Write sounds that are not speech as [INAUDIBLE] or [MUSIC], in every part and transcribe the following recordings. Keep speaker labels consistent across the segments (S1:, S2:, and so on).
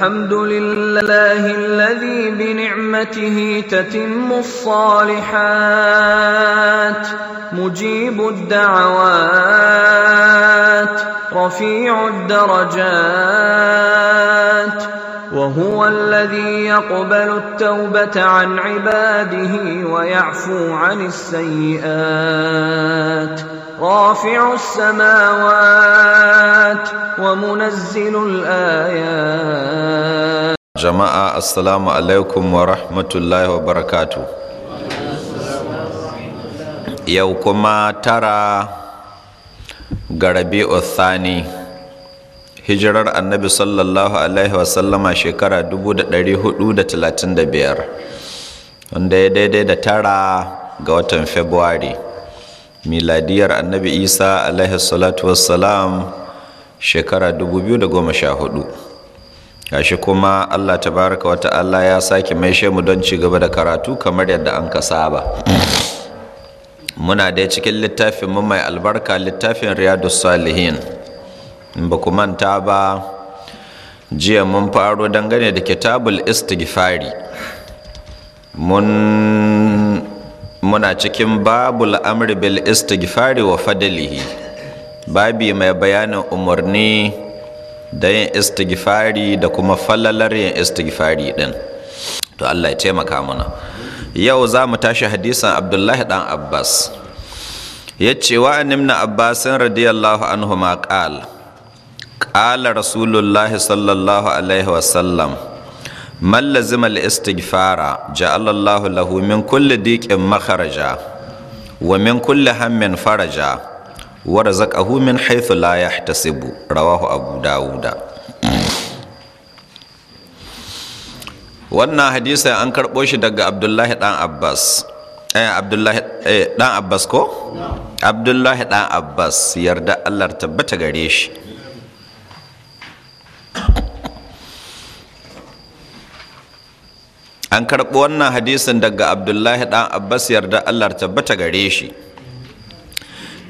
S1: الحمد لله الذي بنعمته تتم الصالحات مجيب الدعوات رفيع الدرجات وهو الذي يقبل التوبه عن عباده ويعفو عن السيئات رافع السماوات ومنزل الآيات جماعة السلام عليكم ورحمة الله وبركاته يوكما ترى غربي الثاني hijirar annabi sallallahu alaihi wasallama shekara 435 wanda ya daidai da tara ga watan february miladiyar annabi isa alaihi salatu wassalam shekara 2014 gashi kuma allah Ta tabaraka wata Allah ya sake maishe mu don ci gaba da karatu kamar yadda an ka saba muna da cikin littafin mu mai albarka littafin riyadu salihin ba ku manta ba jiya mun faro dangane da kitabul istighfari mun muna cikin babu la'amri bil istighfari wa fadalihi babi mai bayanin umarni da yin istighfari da kuma falalar yin istighfari din to Allah ya taimaka mana yau za mu tashi hadisan Abdullahi dan Abbas ya ce wa nimna Abbasin radiyallahu anhu ma qal qala rasulullahi sallallahu alaihi wasallam Malla lazima al-istighfara ja'ala Allahu lahu min kulli diqin makaraja, wa min kulli hammin faraja wa razaqahu min haythu la yahtasibu rawahu Abu Dawuda wannan hadisi an karɓo shi daga Abdullahi dan Abbas eh Abdullahi eh dan Abbas ko Abdullahi dan Abbas yarda Allah tabbata gare shi an karɓi wannan hadisin daga abdullahi ɗan abbas yarda allah tabbata gare shi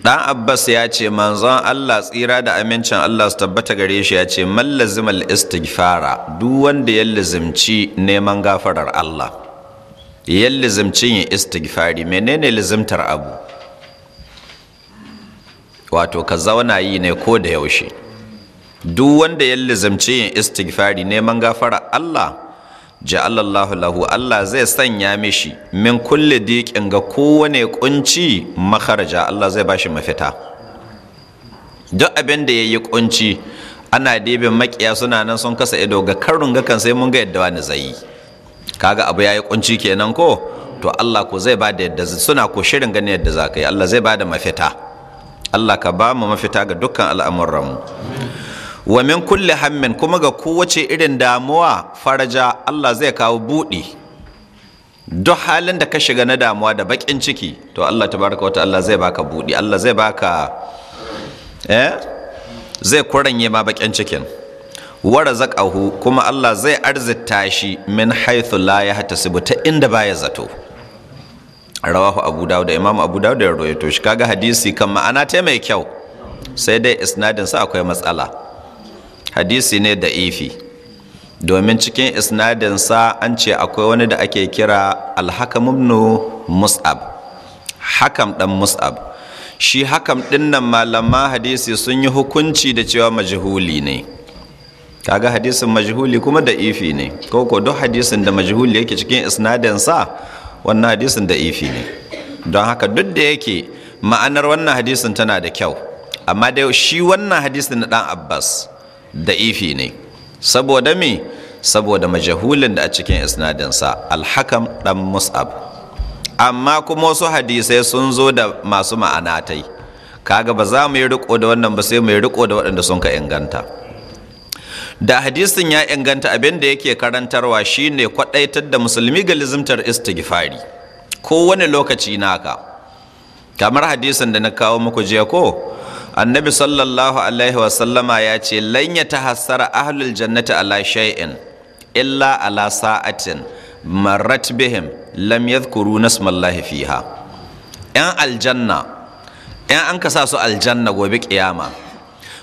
S1: ɗan abbas ya ce manzon allah tsira da amincin allah su tabbata gare shi ya ce mallazimal istighfara duk wanda ya lizimci neman gafarar allah ya lizimci yin istighfari menene lizimtar abu wato ka zauna yi ne ko da yaushe duk wanda ya lizimci yin istighfari neman gafarar allah ja'alallahu lahu Allah zai sanya mishi min kulle diƙin ga kowane kunci makaraja Allah zai bashi mafita duk abin da yayi kunci ana debe makiya suna nan sun kasa ido ga karun ga kan sai mun ga yadda wani zai kaga abu yayi kunci kenan ko to Allah ko zai bada yadda suna ko shirin ganin yadda za ka yi Allah zai bada mafita Allah ka ba mu mafita ga dukkan al'amuranmu mu wa min kulli hammin kuma ga kowace irin damuwa faraja Allah zai kawo buɗi duk halin da ka shiga na damuwa da baƙin ciki to Allah tabaraka wata Allah zai baka buɗi Allah zai baka eh zai kuranye ma bakin cikin wa razaqahu kuma Allah zai arzita shi min haythu la yahtasibu ta inda baya zato rawahu abu dawud da imam abu dawud ya rawaito shi kaga hadisi kan ma'ana ta mai kyau sai dai isnadin sa akwai matsala hadisi ne da ifi domin cikin isnadinsa an ce akwai wani da ake kira alhakamunnu mus'ab hakam dan mus'ab shi hakam ɗinnan malaman hadisi sun yi hukunci da cewa majihuli ne kaga hadisin majihuli kuma da ifi ne koko duk hadisin da majihuli yake cikin isnadinsa wannan hadisin da ifi ne don haka duk da yake ma'anar wannan hadisin tana da kyau amma dai shi wannan hadisin na ɗan abbas Da ifi ne saboda me saboda majahulin da a cikin isnadinsa alhakam dan mus'ab amma kuma wasu hadisai sun zo da masu ma'anatai kaga ba za mu yi riko da wannan ba sai mu yi riko da waɗanda sun ka inganta da hadisin ya inganta abin da yake karantarwa shine kwaɗaitar da musulmi ga lizimtar istighfari wani lokaci naka kamar hadisin da na kawo muku jiya ko annabi sallallahu alaihi wasallama ya ce lanya ta tahassara ahlul jannati ala shay'in illa ala sa'atin marrat bihim lam yadhkuru nasmallahi fiha yan aljanna yan an kasa su aljanna gobe kiyama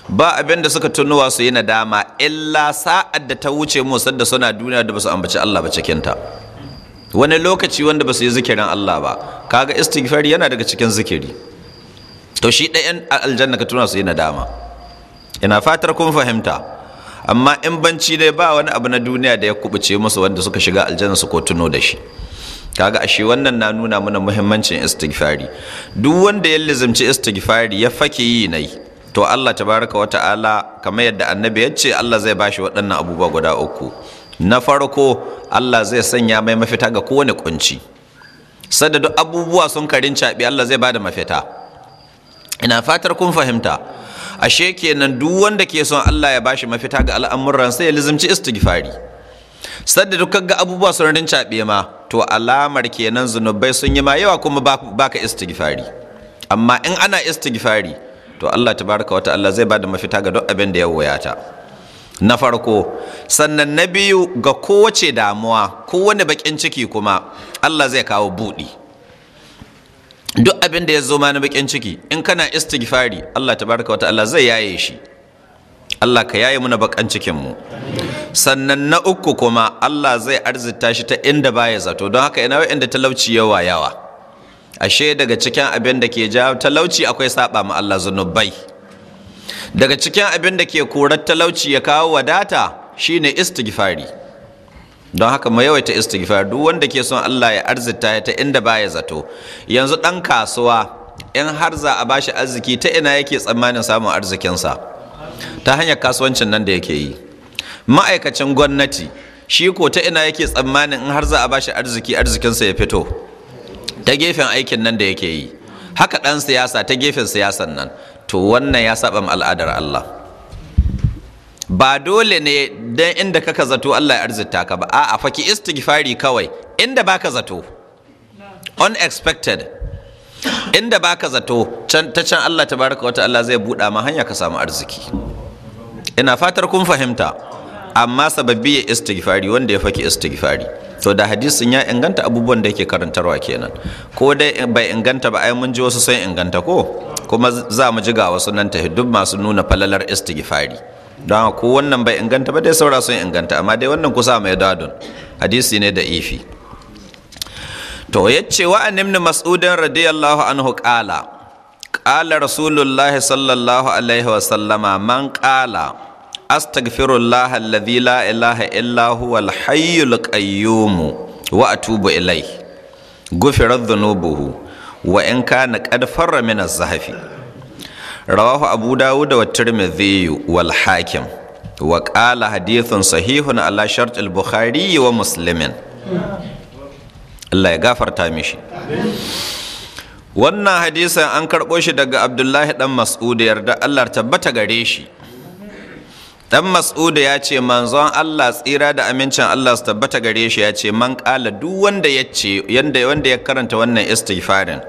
S1: ba abin da suka tunuwa su yi nadama illa sa'ad da ta wuce musu da suna duniya da basu ambaci Allah ba cikinta wani lokaci wanda basu yi zikirin Allah ba kaga istighfar yana daga cikin zikiri to shi ɗayan aljanna ka tuna su yi nadama ina fatar kun fahimta amma in banci ne ba wani abu na duniya da ya kubuce musu wanda suka shiga aljanna su ko tuno da shi kaga ashe wannan na nuna mana muhimmancin istighfari duk wanda ya lizimci istighfari ya fake yi na yi. to Allah tabaraka wa ta'ala kamar yadda annabi ya ce Allah zai bashi waɗannan abubuwa guda uku na farko Allah zai sanya mai mafita ga kowane kunci sadda duk abubuwa sun karin caɓi Allah zai bada mafita ina fatar kun fahimta ashe kenan duk wanda ke son Allah ya bashi mafita ga al'amuran sai ya lizimci istighfari sadda dukkan ga abubuwa sun rin cabe ma to alamar kenan zunubai sun yi ma yawa kuma baka istighfari amma in ana istighfari to Allah tabaraka wata ta'ala zai bada mafita ga duk abin da ya wuyata na farko sannan na biyu ga kowace damuwa kowane bakin ciki kuma Allah zai kawo buɗi duk abin da ya zo ma na bakin ciki in kana istighfari Allah Ta baraka wa ta'ala zai yaye shi Allah ka yaye muna bakan cikinmu. sannan na uku kuma Allah zai arzita shi ta inda baya zato don haka ina inda talauci yawa yawa ashe daga cikin abin da ke jawo talauci akwai saba ma Allah zunubai daga cikin abin da ke kurar talauci ya kawo wadata shine istighfari don haka mu yawaita istighfar duk wanda ke son Allah ya arzita ta inda baya zato yanzu dan kasuwa in har za a bashi arziki ta ina yake tsammanin samun arzikinsa ta hanyar kasuwancin nan da yake yi ma'aikacin gwamnati shi ko ta ina yake tsammanin in har za a bashi arziki arzikinsa ya fito ta gefen aikin nan da yake yi haka ɗan siyasa ta gefen siyasan nan to wannan ya saba al'adar Allah ba dole ne dan inda kaka zato Allah ya arzita ka ba a faki istighfari kawai inda baka zato unexpected inda baka zato can ta can Allah tabaraka wa ta'ala zai buɗa ma hanya ka samu arziki ina fatar kun fahimta amma sababbi ya istighfari wanda ya faki istighfari to da hadisin ya inganta abubuwan da yake karantarwa kenan ko dai bai inganta ba ai mun ji wasu sun inganta ko kuma za mu ji ga wasu nan ta duk masu nuna falalar istighfari don ko wannan bai inganta ba dai saura sun inganta amma dai wannan kusa mai dadun hadisi ne da ifi to ya ce wa an ibn mas'udin radiyallahu anhu qala qala rasulullahi sallallahu alaihi wa man qala astaghfirullah alladhi la ilaha illa huwa al-hayyul qayyum wa atubu ilai ghufira dhunubuhu wa in kana qad farra min az-zahfi rawahu abu dawud wa tirmidhi wal hakim wa qala hadithun sahihun ala shart al-bukhari wa muslimin Allah ya gafarta mishi wannan hadisin an karɓo shi daga abdullahi dan mas'ud yarda Allah tabbata gare shi dan mas'uda ya ce manzon Allah tsira da amincin Allah su tabbata gare shi ya ce man kala duk wanda ya ce wanda ya karanta wannan istighfarin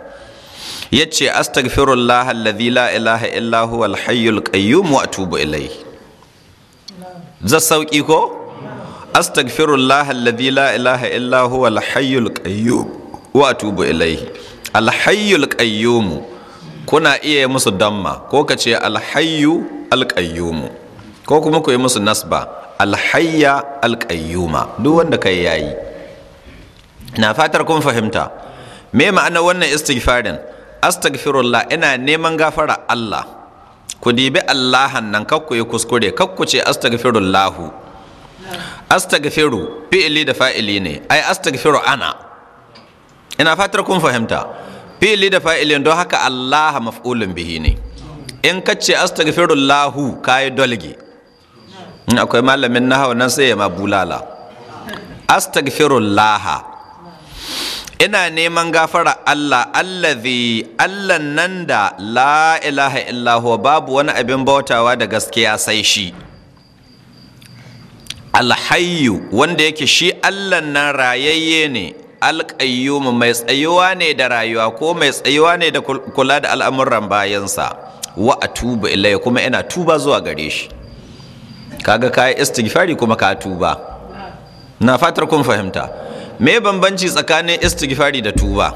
S1: ya ce astaghfirullah alladhi la ilaha illa huwa alhayyul qayyum wa atubu ilai. za sauki ko astaghfirullah alladhi la ilaha illa huwa alhayyul qayyum wa atubu ilai alhayyul qayyum kuna iya musu damma ko ka ce alhayyu mu? ko kuma ku yi musu nasba alhayya alƙayyuma duk wanda kai yayi na fatar kun fahimta me ma'ana wannan istighfarin astaghfirullah ina neman gafara Allah ku dibi Allahan nan kakku yi kuskure kakku ce astaghfirullah astaghfiru fi'ili da fa'ili ne ai astaghfiru ana ina fatar kun fahimta fi'ili da fa'ili don haka Allah maf'ulun bihi ne in ka ce astaghfirullahu kayi dolgi in akwai malamin hau nan sai ya ma bulala astaghfirullah ina neman gafara Allah allazi Allah nan da la ilaha illahu babu wani abin bautawa da gaskiya sai shi alhayyu wanda yake shi Allah nan rayayye ne alƙayyumu mai tsayuwa ne da rayuwa ko mai tsayuwa ne da kula da al'amuran bayansa wa tuba ilai kuma ina tuba zuwa gare shi kaga ka yi istighfari kuma ka tuba na fatar kun fahimta me bambanci tsakanin istighfari da tuba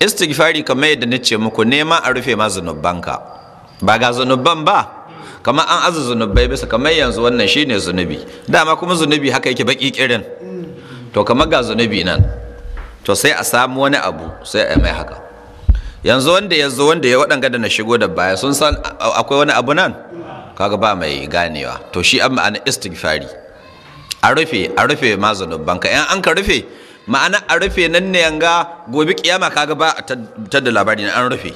S1: istighfari kamar yadda na ce muku nema a rufe ma zunubanka ba ga zunuban ba kamar an aza zunubai bisa kamar yanzu wannan shine zunubi dama kuma zunubi haka yake baki kirin to kamar ga zunubi nan to sai a samu wani abu sai a mai haka yanzu wanda ya zo wanda ya waɗanga da na shigo da baya sun san akwai wani abu nan kaga ba mai ganewa to shi an ma'ana istighfari a rufe a rufe ma yan an ka rufe ma'ana a rufe nan ne yanga gobe kiyama kaga ba ta da labari an rufe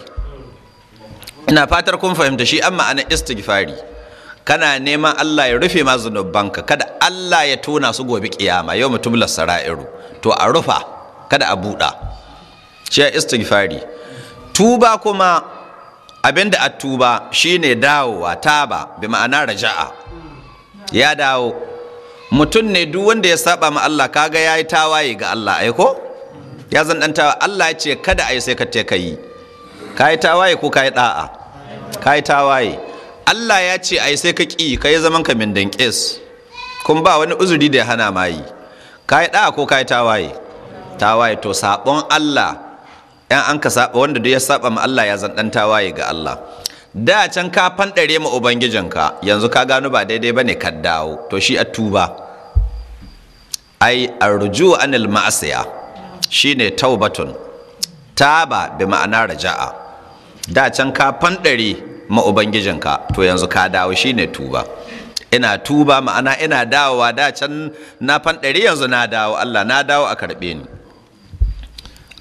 S1: ina fatar kun fahimta shi an ma'ana istighfari kana neman Allah ya rufe ma banka. kada Allah ya tona su gobe kiyama yau mutum sara'iru to a rufa kada a buɗa shi istighfari tuba kuma Abin da attuba shine dawowa taba bi ma'ana raja'a ya dawo mutum ne duk wanda ya saba ma Allah kaga yayi tawaye ga Allah ai ko ya zan dan tawa Allah ya ce kada ai sai ka te kai kai tawaye ko kai da'a kai tawaye Allah ya ce ai sai ka ki kai zaman ka mindan dankes kun ba wani uzuri da ya hana ma yi kai da'a ko kai tawaye tawaye to sabon Allah yan an ka saba wanda duk ya saba ma Allah ya zan dan tawaye ga Allah da can ka fanɗare ma ubangijinka yanzu ka gano ba daidai bane ka dawo to shi tuba ai arju anil ma'asiya shine taubatun taba bi ma'ana raja'a da can ka fanɗare ma ubangijinka to yanzu ka dawo shine tuba ina tuba ma'ana ina dawowa da can na fanɗare yanzu na dawo Allah na dawo a karɓe ni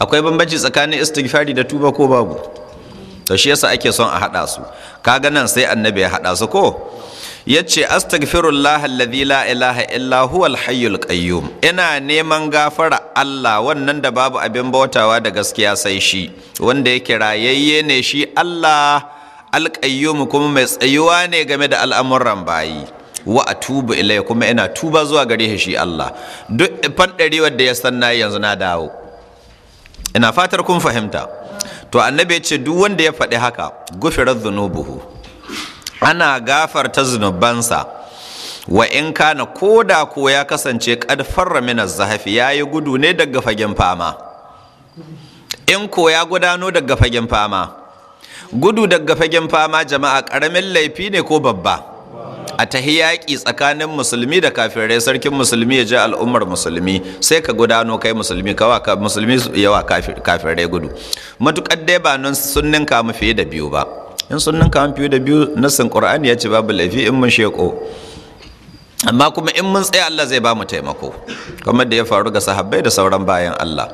S1: akwai bambanci tsakanin istighfari da tuba ko babu to shi yasa ake son a haɗa su kaga nan sai annabi ya haɗa su ko yace astaghfirullah alladhi la ilaha illa huwa alhayyul qayyum ina neman gafara Allah wannan da babu abin bautawa da gaskiya sai shi wanda yake rayayye ne shi Allah alqayyum kuma mai tsayuwa ne game da al'amuran bayi wa atubu ilai kuma ina tuba zuwa gare shi Allah duk dariwar da ya sanna yanzu na dawo ina fatar kun fahimta to annabi ce duk wanda ya faɗi haka gufirar zunubuhu ana gafarta zunubansa wa in kana ko da ko ya kasance kad farra zahafi ya yi gudu ne daga fagen fama in ko ya gudano daga fagen fama gudu daga fagen fama jama'a ƙaramin laifi ne ko babba a ta yaƙi tsakanin musulmi da kafirai sarkin musulmi ya ji al'ummar musulmi sai ka gudano kai musulmi kawa musulmi yawa kafirai gudu matukar dai ba nan sun ninka mu fiye da biyu ba in sunnin ninka mu fiye da biyu nasin qur'ani ya ce babu laifi in mun sheko amma kuma in mun tsaye Allah zai ba mu taimako kamar da ya faru ga sahabbai da sauran bayan Allah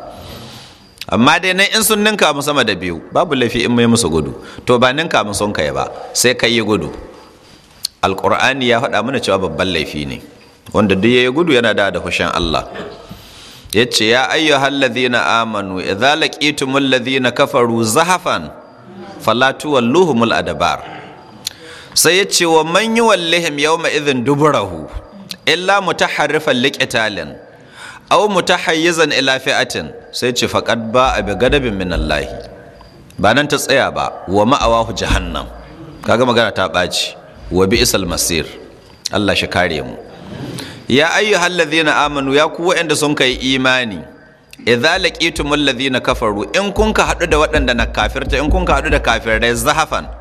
S1: amma dai nan in sun ninka mu sama da biyu babu laifi in mai musu gudu to ba ninka mu sun kai ba sai ka yi gudu alƙur'ani ya faɗa mana cewa babban laifi ne wanda duk ya gudu yana da da hushen Allah ya ce ya ayyuhal na amanu idza laqitumul ladhina kafaru zahafan fala tuwalluhumul adabar sai ya ce wa man yuwallihim yawma idhin duburahu illa mutaharrifan liqitalin aw mutahayyizan ila fi'atin sai ce faqad ba bi gadabin min Allah ba nan ta tsaya ba wa ma'awahu jahannam kaga magana ta ɓaci wa bi'sal masir Allah shi kare mu ya ayyuhal ladzina amanu ya ku wa'anda sun kai imani idza laqitumul ladzina kafaru in kun ka hadu da waɗanda na kafirta in kun ka hadu da kafirai zahafan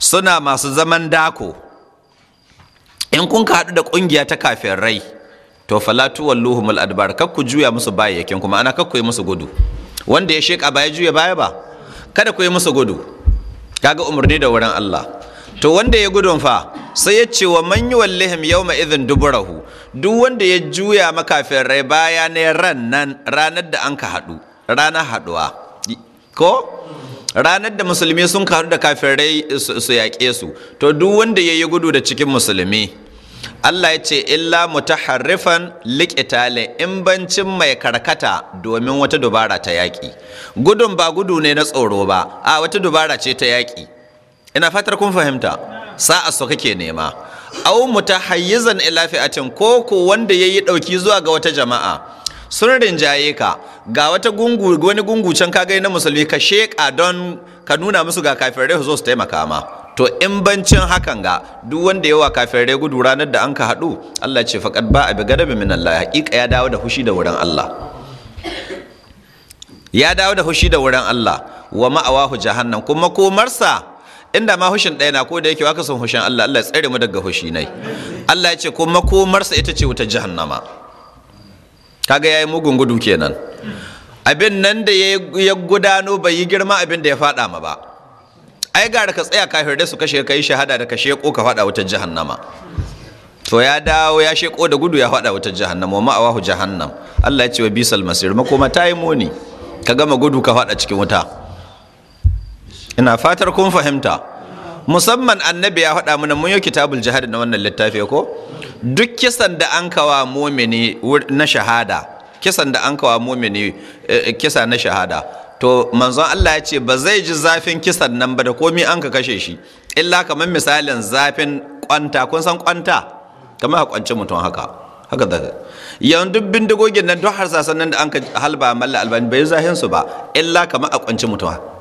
S1: suna masu zaman dako in kun ka hadu da kungiya ta kafirai to falatu walluhumul adbar kar ku juya musu bayyakin kuma ana kar ku yi musu gudu wanda ya sheka baya juya baya ba kada ku yi musu gudu kaga umarni da wurin Allah to wanda ya gudun fa sai ya ce wa man yi wallihim yau izin duburahu duk wanda ya juya makafin rai baya ne ranar ranar da an ka haɗu ranar haɗuwa ko ranar da musulmi sun karu da kafin rai su yaƙe su to duk wanda ya yi gudu da cikin musulmi Allah ya ce illa mutaharrifan liƙitale in bancin mai karkata domin wata dubara ta yaƙi gudun ba gudu ne na tsoro ba a wata dubara ce ta yaƙi ina fatar kun fahimta sa'a so kake nema aw mutahayyizan ila fi'atin ko ko wanda yayi dauki zuwa ga wata jama'a sun rinjaye ka ga wata gungu wani gungu can ka na musulmi ka sheka don ka nuna musu ga kafirai su zo su taimaka ma to in bancin hakan ga duk wanda yawa kafirai gudu ranar da an ka haɗu Allah ce faqad ba bi gadabi min Allah haqiqa ya dawo da fushi da wurin Allah ya dawo da fushi da wurin Allah wa ma'awahu jahannam kuma komarsa inda ma hushin ɗaya na ko da yake waka son hushin Allah Allah ya tsare mu daga hushi nai Allah ya ce ko makomarsa ita ce wuta jahannama kaga yayi mugun gudu kenan abin nan da ya gudano bai yi girma abin da ya faɗa ma ba ai gara ka tsaya kafir da su kashe kai shahada da kashe ko ka faɗa wuta jahannama to ya dawo ya sheko da gudu ya faɗa wuta jahannama ma awahu jahannam Allah ya ce wa bisal masir makoma tayi muni. ka gama gudu ka faɗa cikin wuta ina fatar kun fahimta musamman annabi ya faɗa mana mun yi kitabul jihad na wannan littafi ko duk kisan da an kawa mumini na shahada kisan da an kawa mumini eh, eh, kisa na shahada to manzon Allah ya ce ba zai ji zafin kisan nan ba da komai an ka kashe shi illa kamar misalin zafin kwanta kun san kwanta kamar a kwanci mutum haka haka da yawan duk bindigogin nan duk harsasan nan da an ka halba malla albani bai zahin su ba illa kamar a kwanci mutum haka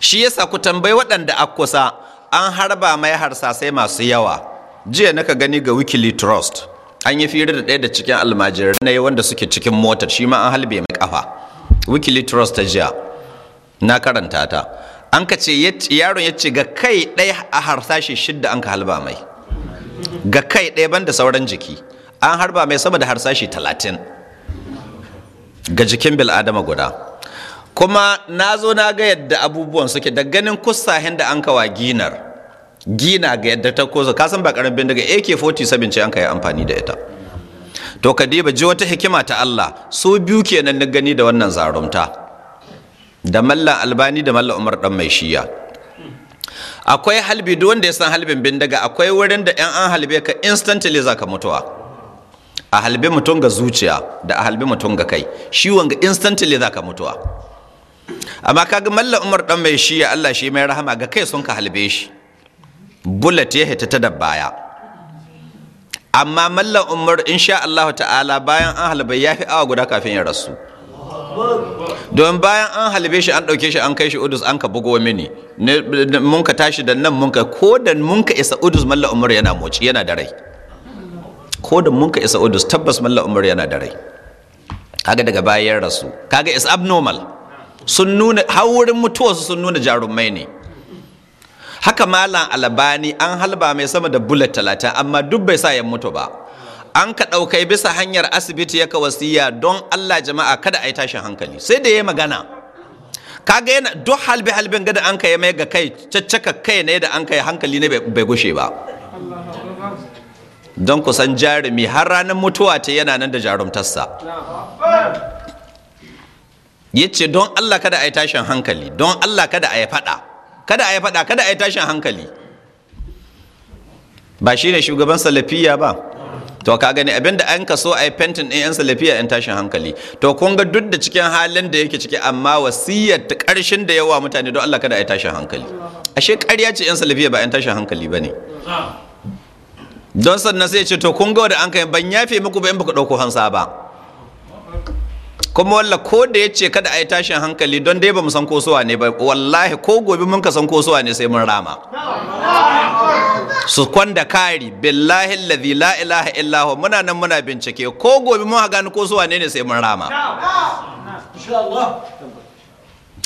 S1: shi yasa ku tambayi waɗanda a kusa an harba mai harsasai masu yawa jiya naka gani ga wikili trust an yi fira da ɗaya da cikin almajirai na wanda suke cikin motar shi ma an halbe mai kafa wikili trust ta jiya na karanta ta an ka ce yaron ya ce ga kai ɗaya a harsashi shidda an ka halba mai ga kai ɗaya banda sauran jiki an harba mai sama da harsashi talatin ga jikin bil'adama guda kuma na zo na ga yadda abubuwan suke da ganin kusahin da an kawa ginar gina ga yadda ta kosa kasan ba karamin bindiga ak-47 ce an ka yi amfani da ita to kadiba ji wata hikima ta allah su biyu kenan na gani da wannan zarumta da mallan albani da mallan umar dan mai shiya akwai halbi duk wanda ya san halbin bindiga akwai wurin da yan an halbe ka instantly za ka mutuwa a halbe mutum ga zuciya da a halbe mutum ga kai shi wanga instantly ka mutuwa amma ga malla umar dan mai shi ya Allah shi mai rahama ga kai sun ka halbe shi bullet ya hita ta da baya amma malla umar insha Allah ta'ala bayan an halbe ya fi awa guda kafin ya rasu don bayan an halbe shi an ɗauke shi an kai shi udus an ka bugo mini mun ka tashi da nan mun ka ko da mun ka isa udus malla umar yana moci yana da rai ko da mun ka isa udus tabbas malla umar yana da rai kaga daga bayan rasu kaga is abnormal sun nuna haurin mutuwarsu sun nuna jarumai ne haka malam albani an halba mai sama da bullet talatin amma duk bai sa ya mutu ba an ka ɗaukai bisa hanyar asibiti ya wasiya don allah jama'a kada a yi tashin hankali sai da ya magana kaga yana duk halbe halbin gada an yi mai ga kai caccaka kai ne da an yi hankali ne bai gushe ba don kusan jarumi har ranar mutuwa ta yana nan da jarumtarsa ya ce don Allah kada a yi tashin hankali don Allah kada a yi faɗa kada a yi faɗa kada a yi tashin hankali ba shi ne shugaban salafiya ba to ka gani abinda an kaso a yi fentin ɗin 'yan salafiya 'yan tashin hankali to kun ga duk da cikin halin da yake ciki amma wasiyar ta ƙarshen da yawa mutane don Allah kada a yi tashin hankali ashe ƙarya ce 'yan salafiya ba 'yan tashin hankali ba ne don sannan sai ce to kun ga da an kai ban yafe muku ba in baka ɗauko hansa ba kuma walla ko da ya ce kada a yi tashin hankali don dai ba mu san kosuwa ne ba wallahi ko gobe mun ka san kosuwa ne sai mun rama su kwanda kari billahi alladhi la ilaha illa muna nan muna bincike ko gobe mun gani kosuwa ne ne sai mun rama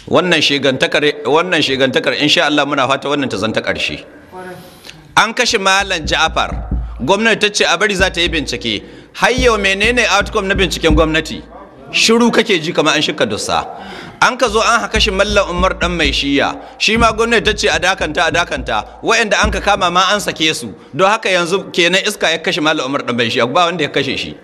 S1: wannan shigantakar wannan shigantakar insha Allah muna fata wannan ta zanta karshe an kashe malam Ja'far gwamnati ta ce a bari za ta yi bincike har yau menene outcome na binciken gwamnati shiru kake ji kamar an shika dusa an ka zo an haka shi mallan umar dan mai shiya shi ma gwamnati ta ce a dakanta a dakanta wa'anda an ka kama ma an sake su don haka yanzu kenan iska ya kashe mallan umar dan mai shiya ba wanda ya kashe shi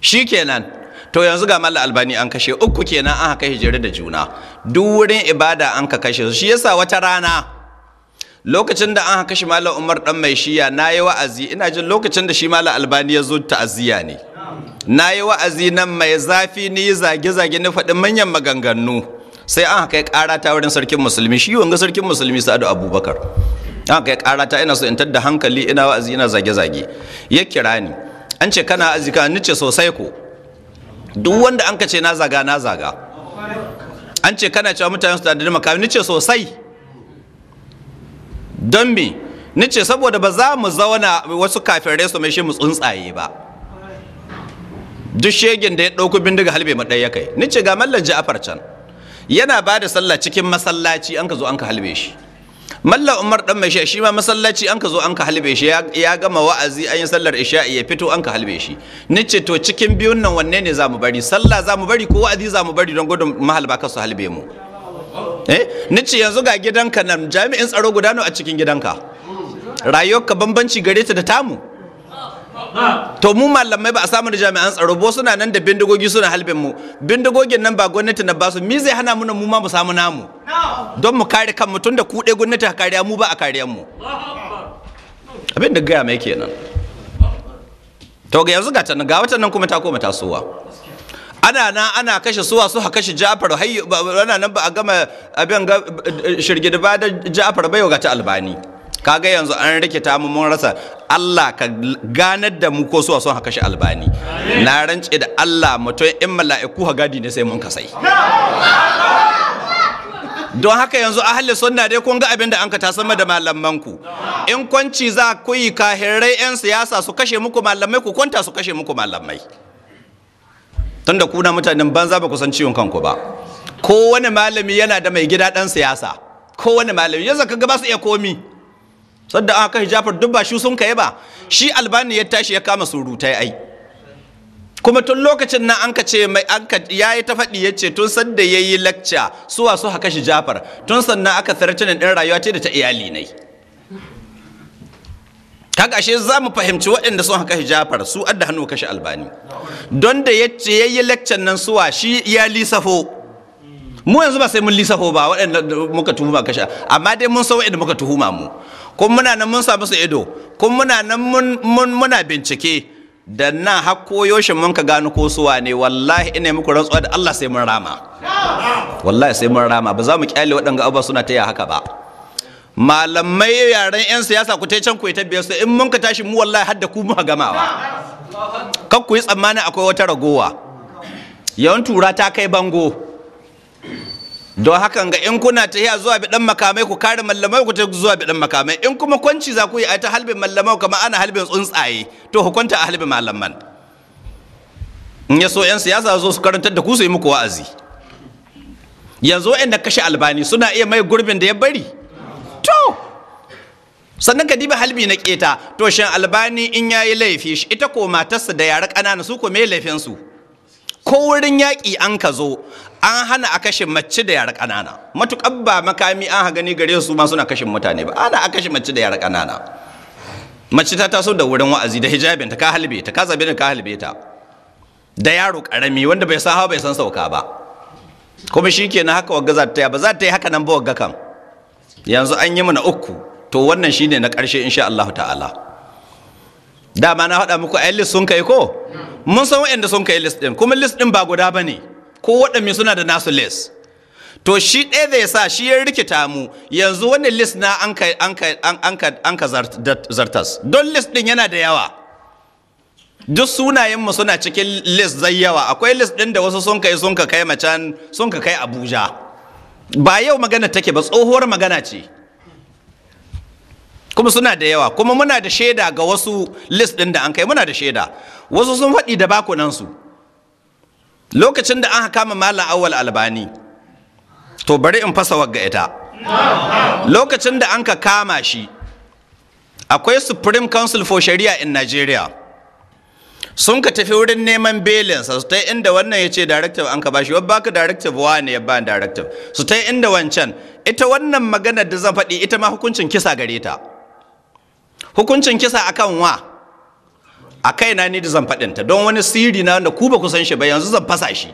S1: shi kenan to yanzu ga mallan albani an kashe uku kenan an haka hijira da juna duk wurin ibada an ka kashe su shi yasa wata rana lokacin da an kashe malam umar dan mai shiya na yi wa'azi ina jin lokacin da shi malam albani ya zo ta'aziyya ne na yi wa'azi nan mai zafi ni zage-zage ni faɗin manyan maganganu sai an kai ƙara ta wurin sarkin musulmi shi wanga sarkin musulmi sa'adu abubakar an kai ƙara ta ina so in tadda hankali ina wa'azi ina zage-zage ya kira ni an ce kana azika ni ce sosai ko duk wanda an ka ce na zaga na zaga an ce kana cewa mutane su da makami ni ce sosai don me ce saboda ba za mu zauna wasu kafirai su mai shi mu tsuntsaye ba duk shegin da ya ɗauko bindiga halbe ma ɗaya kai ce ga mallan ja'afar can yana ba da sallah cikin masallaci an ka zo an ka halbe shi Mallan Umar ɗan mai shi ma masallaci an ka zo an ka halbe shi ya gama wa'azi an yi sallar isha'i ya fito an ka halbe shi ce to cikin biyun nan wanne ne za mu bari sallah za mu bari ko wa'azi za mu bari don gudun mahalba ka su halbe mu eh ni ce yanzu ga gidanka nan jami'in tsaro guda nawa a cikin gidanka rayuwarka bambanci gare ta da tamu to mu malamai ba a samu da jami'an tsaro ba suna nan da bindigogi suna halbin mu bindigogin nan ba gwamnati na basu mi zai hana muna mu ma mu samu namu don mu kare kan mutum da kuɗe gwamnati a kariya mu ba a kariyan mu abin da gaya mai kenan to ga yanzu ga ta ga watan nan kuma ta koma tasowa ana nan ana kashe suwa su ha kashe Ja'far hayyu ana nan ba a gama abin ga da da Ja'far bai ga ta albani kaga yanzu an rike ta mun rasa Allah ka ganar da mu ko suwa sun ha kashe albani na rance da Allah mutum in mala'iku ha gadi ne sai mun ka sai. don haka yanzu ahli sunna dai kun ga abin da an ka sama da malaman ku in kwanci za ku yi kahirai 'yan siyasa su kashe muku malamai ku kwanta su kashe muku malamai tunda kuna mutanen banza ba ku san ciwon kanku ba kowane malami yana da mai gida dan siyasa kowane malami yanzu kaga ba su iya komi sadda aka kai Jafar duk ba shi sun kai ba shi Albani ya tashi ya kama surutai ai kuma tun lokacin nan an ka ce mai an ka yayi ta faɗi ya ce tun sadda yayi lecture suwa su haka shi Jafar tun sannan aka tsarci din rayuwa ce da ta iyali nai kaga ashe za mu fahimci waɗanda sun haka hijafar su adda hannu kashe Albani don da yace yayi lecture nan suwa shi ya lisafo mu yanzu ba sai mun lisafo ba waɗanda muka tuhuma kashe amma dai mun san waɗanda muka tuhuma mu kun muna nan mun samu su ido kun muna nan mun muna bincike da nan har yoshin mun ka gano ko suwa ne wallahi ina muku rantsuwa da Allah sai mun rama wallahi sai mun rama ba za mu kyale waɗanda abubuwa suna taya haka ba malamai yaren 'yan siyasa ku can ku ta biyar su in mun ka tashi mu wallahi har da ku mu gamawa kan ku yi tsammanin akwai wata ragowa yawan tura ta kai bango don hakan ga in kuna tafiya zuwa bidan makamai ku kare mallamai ku ta zuwa bidan makamai in kuma kwanci za ku yi a ta halbin mallamai kuma ana halbin tsuntsaye to hukunta a halbin malaman in ya so 'yan siyasa zo su karantar da ku su yi muku wa'azi yanzu waɗanda kashe albani suna iya mai gurbin da ya bari to sannan ka diba halbi na keta to shin albani in ya yi laifi ita ko matarsa da yara ƙanana su ko me laifin ko wurin yaƙi an ka zo an hana a kashe mace da yara ƙanana matuƙar ba makami an ha gani gare su ma suna kashe mutane ba ana a kashe mace da yara ƙanana mace ta taso da wurin wa'azi da hijabin ta ka halbe ta ka zabe da ka halbe ta da yaro ƙarami wanda bai sa hawa bai san sauka ba kuma shi kenan haka wagga za ta yi ba za ta yi haka nan ba wagga kan yanzu an yi mana uku to wannan shi ne na ƙarshe insha Allah ta'ala dama na haɗa muku ayi list sun kai ko mun san waɗanda sun kai list ɗin kuma list ɗin ba guda ba ne ko waɗanne suna da nasu list to shi ɗaya zai sa shi ya rikita mu yanzu wani list na an ka zartas don list ɗin yana da yawa duk sunayenmu suna cikin list zai yawa akwai list ɗin da wasu sun kai sun kai abuja ba yau magana take ba tsohuwar magana ce kuma suna da yawa kuma muna da shaida ga wasu list ɗin da an kai muna da shaida wasu sun faɗi da bakunansu lokacin da an kama mala awal albani to bari in fasa wagga ita lokacin da an ka kama shi akwai supreme council for sharia in nigeria sun ka tafi wurin neman belinsa su ta inda wannan ya ce directive an ka bashi wabba ka wa ne ya ba directive su ta inda wancan ita wannan magana da zan faɗi ita ma hukuncin kisa gare ta hukuncin kisa akan wa a kai na ni da zan faɗin ta don wani siri na wanda ku ba kusan shi ba yanzu zan fasa shi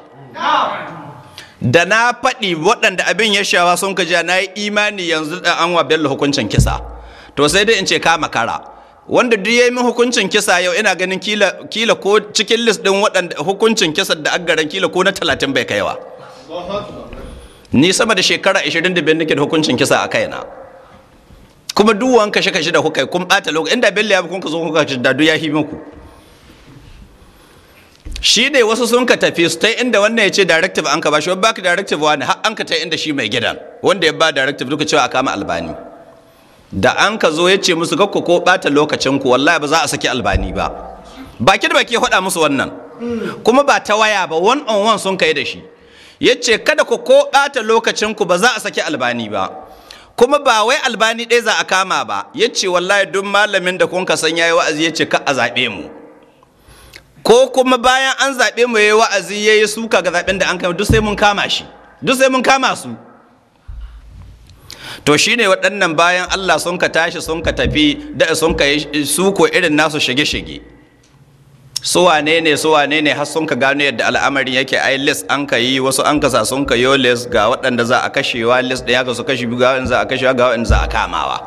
S1: da na faɗi waɗanda abin ya shawa sun ka ja na yi imani yanzu da an wa bello hukuncin kisa to sai dai in ce ka makara. wanda duk yayi min hukuncin kisa yau ina ganin kila kila ko cikin list din waɗanda hukuncin kisa da aggaran kila ko na talatin bai kaiwa ni sama da shekara 20 da bin nake da hukuncin kisa a kaina kuma duk wanka shi kashi da kuka kun bata lokaci inda bello ya kun ka zo kuka shi da duk ya hi ku shi ne wasu sun ka tafi su ta inda wannan ya ce directive an ka ba shi wani ka directive wani har an ka ta inda shi mai gidan wanda ya ba directive duka cewa a kama albani da an ka zo ya ce musu gakko ko ɓata lokacinku wallahi ba za a saki albani ba baki da baki faɗa musu wannan kuma ba ta waya ba one on one sun kai da shi ya ce kada ku ko ɓata lokacinku ba za a saki albani ba kuma ba wai albani ɗaya za a kama ba ya ce wallahi duk malamin da kun ka san ya yi wa'azi ya ce ka a zaɓe mu ko kuma bayan an zaɓe mu ya yi wa'azi ya yi suka ga zaɓen da an kama duk sai mun kama shi duk sai mun kama su to shine waɗannan bayan Allah sun ka tashi sun ka tafi da sun ka su ko irin nasu shige-shige su wane ne su wane ne har sun ka gano yadda al'amarin yake ai list an ka yi wasu an sa sun ka yo list ga waɗanda za a kashewa list ɗin ya su kashe ga waɗanda za a kashewa ga waɗanda za a kamawa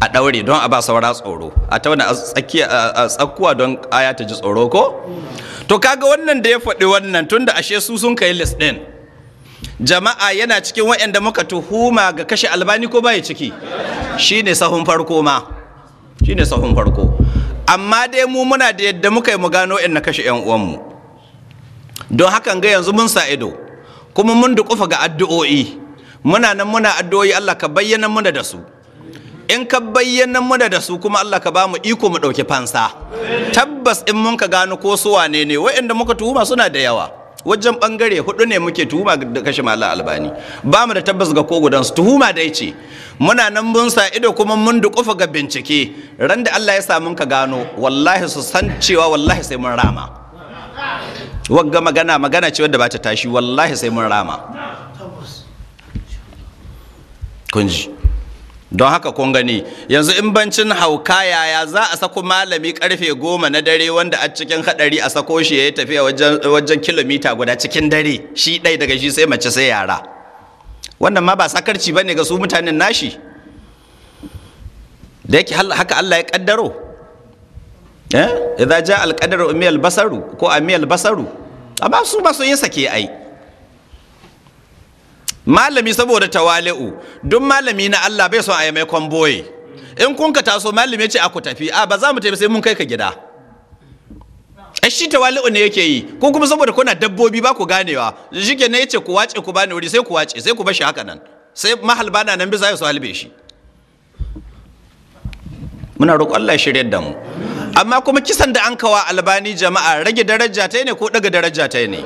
S1: a ɗaure don a ba saura tsoro a ta wani a tsakuwa don aya ta ji tsoro ko to kaga wannan da ya faɗi wannan tunda ashe su sun ka yi list ɗin jama'a yana cikin wa'anda muka tuhuma ga kashe albani ko baya ciki Shi ne sahun farko ma Shi ne sahun farko amma dai mu muna da yadda muka yi mu gano in na kashe yan uwanmu don hakan ga yanzu mun sa ido kuma mun dukufa ga addu'o'i muna nan muna addu'o'i Allah ka bayyana muna da su in ka bayyana muna da su kuma Allah ka ba mu iko mu ɗauki fansa tabbas in mun ka gano ko su wane ne wa'anda muka tuhuma suna da yawa wajen bangare hudu ne muke tuhuma da kashe malam albani ba mu da tabbas ga ko gudansu tuhuma dai ce muna nan mun sa ido kuma mun dukufa ga bincike ran da Allah ya sa mun ka gano wallahi su san cewa wallahi sai mun rama wagga magana magana ce wadda ba ta tashi wallahi sai mun rama kunji don haka kun gani yanzu in bancin hauka yaya za a sako malami karfe goma na dare wanda a cikin hadari a sako shi ya yi tafiya wajen kilomita guda cikin dare shi ɗai daga shi sai mace sai yara wannan ma ba sakarci ba ne ga su mutanen nashi da yake haka Allah ya kaddaro eh idza ja al qadaru basaru ko ammi basaru amma su ba su yin sake ai malami saboda tawali'u duk malami na Allah bai son a yi mai kwamboye in kun ka taso malami ce a ku tafi a ba za mu tafi sai mun kai ka gida a eh, shi tawali'u ne yake yi ko kuma saboda kuna dabbobi ba ku ganewa shike ne yace ku wace ku bani wuri sai ku wace sai ku bashi haka nan sai mahal bana nan bisa ya su halbe shi muna roƙon Allah shirya da mu amma kuma kisan da an kawa albani jama'a rage daraja ta ne ko daga daraja ta ne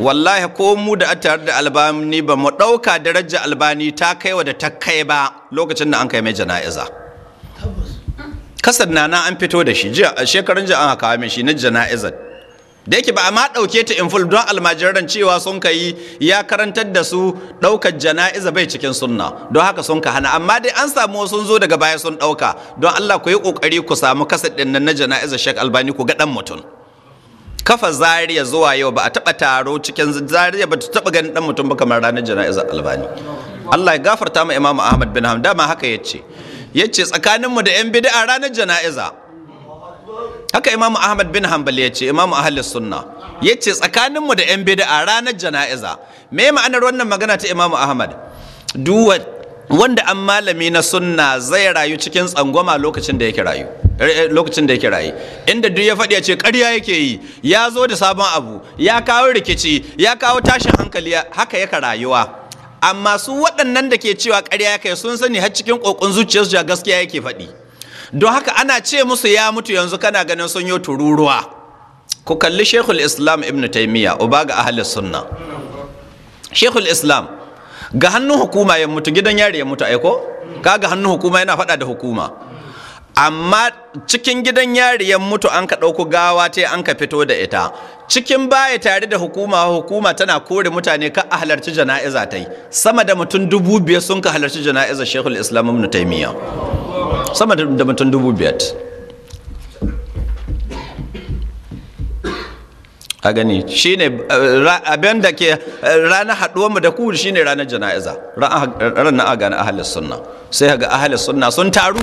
S1: wallahi ko mu da a tare da albani ba mu ɗauka darajar albani ta kai wa da ta kai ba lokacin da an kai mai jana'iza kasar nana an fito da shi jiya shekarun jiya an haka mai shi na jana'iza. da yake ba a ma ɗauke ta in full don almajiran cewa sun ka yi ya karantar da su ɗaukar jana'iza bai cikin sunna don haka sun ka hana amma dai an samu sun zo daga baya sun ɗauka don allah ku yi ƙoƙari ku samu kasar ɗin nan na jana'iza shek albani ku ga ɗan mutum kafa zariya zuwa yau ba a taɓa taro cikin zariya ba ta taɓa ganin ɗan mutum ba kamar ranar jana'izar albani Allah ya gafarta ma imamu ahmad bin ham dama haka ya ce ya ce tsakaninmu da yan bid'a ranar jana'iza haka imamu ahmad bin hanbal ya ce imamu ahli sunna ya ce tsakaninmu da yan bid'a ranar jana'iza me ma'anar wannan magana ta imamu ahmad duk wanda an malami na sunna zai rayu cikin tsangwama lokacin da yake rayu eh, eh, lokacin da yake rayu. inda duk ya faɗi ya ce ƙarya yake yi ya zo da sabon abu ya kawo rikici ya kawo tashin hankali haka yaka rayuwa amma su waɗannan da ke cewa ƙarya yake sun sani har cikin ƙoƙon zuciyarsu ya gaskiya yake faɗi don haka ana ce musu ya mutu yanzu kana ganin sun yi tururuwa ku kalli shekul islam ibn taimiyya uba ga ahalin sunna shekul islam ga hannun hukuma ya mutu gidan yari ya mutu aiko kaga hannun hukuma yana faɗa da hukuma amma cikin gidan yari ya mutu an ka ɗauko gawa ta an ka fito da ita cikin baya tare da hukuma hukuma tana kore mutane ka a halarci jana'iza ta yi sama da mutum dubu biyar sun ka halarci jana'iza shekul islam ibn taimiyya sama da mutum dubu biyar a gani ne eh, abin da ke eh, ranar haɗuwar mu da ku shine ranar jana'iza ranar aga na ahalis sunna sai ga ahalis sunna sun taru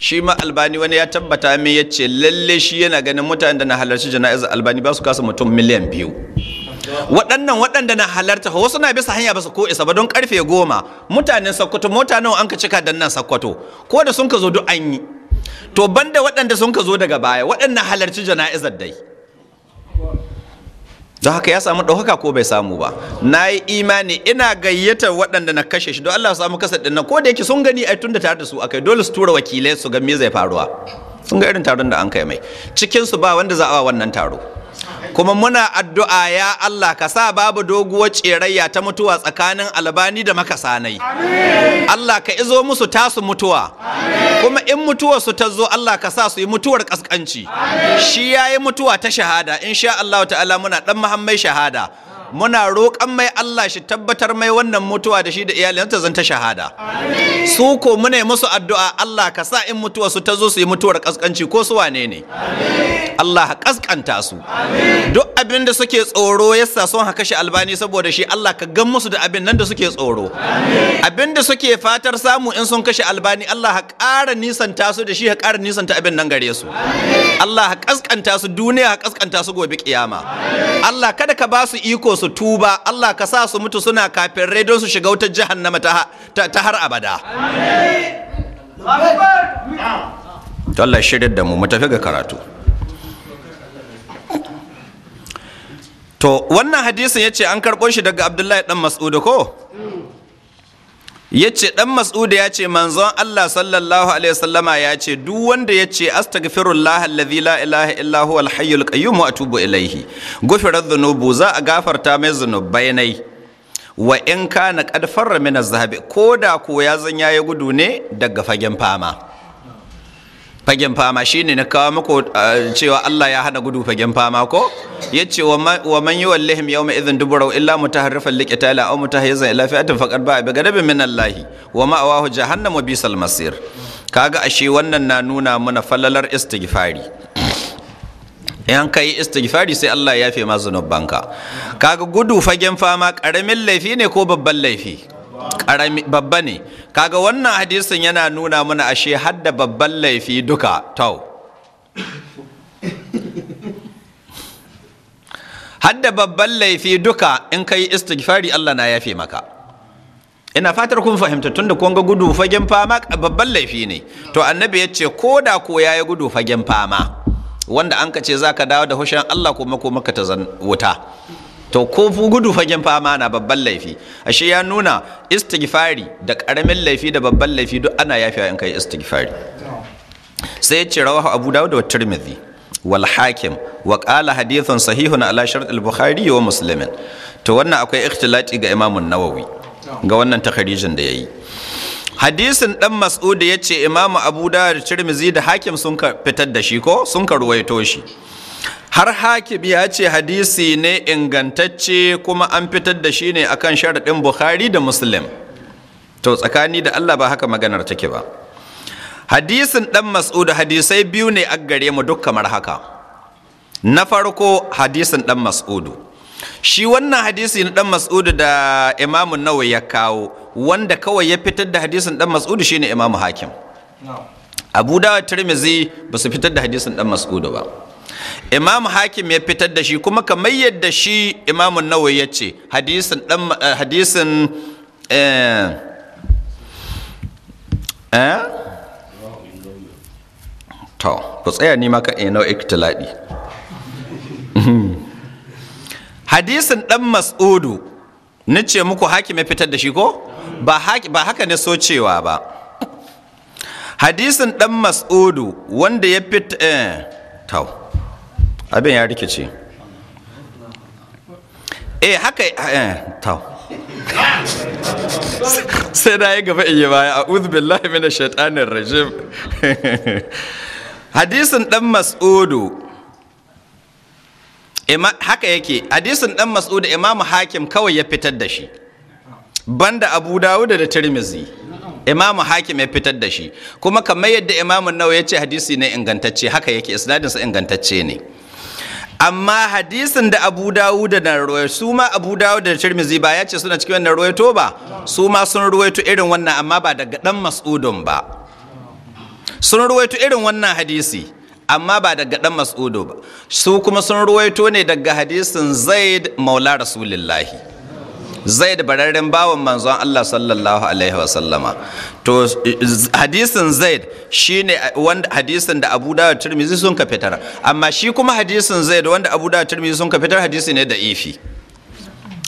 S1: shi ma albani wani ya tabbata min ya ce lalle shi yana ganin mutanen da na halarci jana'izar albani ba su kasa mutum miliyan biyu waɗannan waɗanda na halarta wasu na bisa hanya ba su ko isa ba don karfe goma mutanen sakkwato mota nawa an ka cika dan nan sakkwato ko da sun ka zo duk an yi to banda waɗanda sun ka zo daga baya waɗanda halarci jana'izar dai don haka ya samu ɗaukaka ko bai samu ba na yi imani ina gayyatar waɗanda na kashe shi don Allah su samu kasa ɗinnan ko da yake sun gani ai tunda tare da su akai dole su tura wakilai su ga me zai faruwa sun ga irin taron da an kai mai cikin su ba wanda za a wa wannan taro kuma muna addu'a ya Allah ka sa babu doguwar cerayya ta mutuwa tsakanin albani da makasanai Allah ka izo musu tasu mutuwa kuma in mutuwar su ta zo Allah ka sa su yi mutuwar kaskanci shi yayi mutuwa ta shahada insha Allah ta'ala muna ɗan muhammai shahada muna roƙan mai Allah shi tabbatar mai wannan mutuwa da shi da iyalinsa zan ta shahada su ko mune musu addu'a Allah ka sa in mutuwa su ta zo su yi mutuwar kaskanci ko su wane ne Allah ka kaskanta su duk abin da suke tsoro yasa sun haka shi albani saboda shi Allah ka gan musu da abin nan da suke tsoro abin da suke fatar samu in sun kashe albani Allah ka ƙara nisanta su da shi ka ƙara nisanta abin nan gare su Allah ka kaskanta su duniya ka kaskanta su gobe kiyama Allah kada ka ba su iko su su tuba Allah ka sa su mutu suna rai don su shiga wutar jahannama ta, ta, har abada to Allah shirya da mu matafi ga karatu to wannan hadisin ce an karɓo shi daga Abdullahi Ɗan Mas'udu ko Ya yace ɗan mas'ud ya ce manzon Allah sallallahu alaihi wasallama ya ce duk wanda ya ce astaghfirullah alladhi la ilaha illa huwa alhayyul qayyum wa atubu ilaihi gufirar dhunubu za a gafarta mai zunubai nai wa in kana qad farra min az-zahabi koda ko ya zan yayi gudu ne daga fagen fama fagen fama shine na kawo muku cewa Allah ya hana gudu fagen fama ko Ya ce wa man yuwallihim izin dubu dubura illa mutaharrifan liqitala aw mutahayyizan ila lafiyata faqad ba'a bi ghadabin min lahi? wa mu jahannamu bisal masir kaga ashe wannan na nuna mana falalar istighfari in kai istighfari sai Allah ya fi ma zanubanka kaga gudu fagen fama karamin laifi ne ko babban laifi karami babba ne kaga wannan hadisin yana nuna mana ashe hadda babban laifi duka tau hadda babban laifi duka in ka yi istighfari Allah na yafe maka ina fatar kun fahimta tun da kun ga gudu fagen fama babban laifi ne to annabi ya ce ko da ko ya yi gudu fagen fama wanda an ka ce za ka dawo da hushin Allah kuma kuma ka ta wuta to ko gudu fagen fama na babban laifi ashe ya nuna istighfari da karamin laifi da babban laifi duk ana yafiya in kai istighfari sai ya ce rawahu abu dawud wa tirmidhi wal hakim wa qala hadithun sahihun ala shart al bukhari wa muslimin to wannan akwai ikhtilati ga imam nawawi ga wannan takharijin da yayi hadisin dan mas'ud ya ce imamu abu dawud tirmidhi da hakim sun fitar da shi ko sun ruwaito shi har hakim ya ce hadisi ne ingantacce kuma an fitar da shi ne akan sharaɗin bukhari da muslim to tsakani da allah ba haka maganar take ba hadisin ɗan mas'ud hadisai biyu ne a gare mu duk kamar haka na farko hadisin ɗan mas'udu shi wannan hadisi na dan mas'udu da imamun nawa ya kawo wanda kawai ya fitar da hadisin dan mas'udu shine imamu hakim abu da tirmizi ba su fitar da hadisin ɗan mas'udu ba imam hakim ya fitar da shi kuma kamar yadda shi imam nawawi ya ce hadisin dan eh, hadisin eh eh to ku tsaya ni maka eh, ina iktiladi [LAUGHS] hadisin dan mas'udu ni ce muku hakim ya fitar da shi ko ba haka ne so cewa ba hadisin dan mas'udu wanda ya fit eh abin ya rikice eh haka eh, ta sai na yi gaba iya baya a uzbillahi mina shaitanin rajim [LAUGHS] hadisin dan mas'udu haka yake hadisin dan mas'udu imamu hakim kawai ya fitar da shi banda abu dawuda da tirmizi imamu hakim ya fitar da shi kuma kamar yadda imamu nawa ya ce hadisi ne ingantacce haka yake isnadinsa ingantacce ne amma hadisin da abu dawud da ruwaito su ma abu dawud da tirmizi ba ya ce suna cikin wannan ruwaito ba su ma sun ruwaito irin wannan amma ba daga dan mas'udun ba sun ruwaito irin wannan hadisi amma ba daga dan mas'udu ba su kuma sun ruwaito ne daga hadisin zaid maula rasulullahi zaid bararren bawan manzon Allah sallallahu alaihi wasallama to hadisin zaid shine wanda hadisin da Abu Dawud Tirmidhi sun ka fitar amma shi kuma hadisin zaid wanda Abu Dawud Tirmidhi sun ka fitar hadisi ne da ifi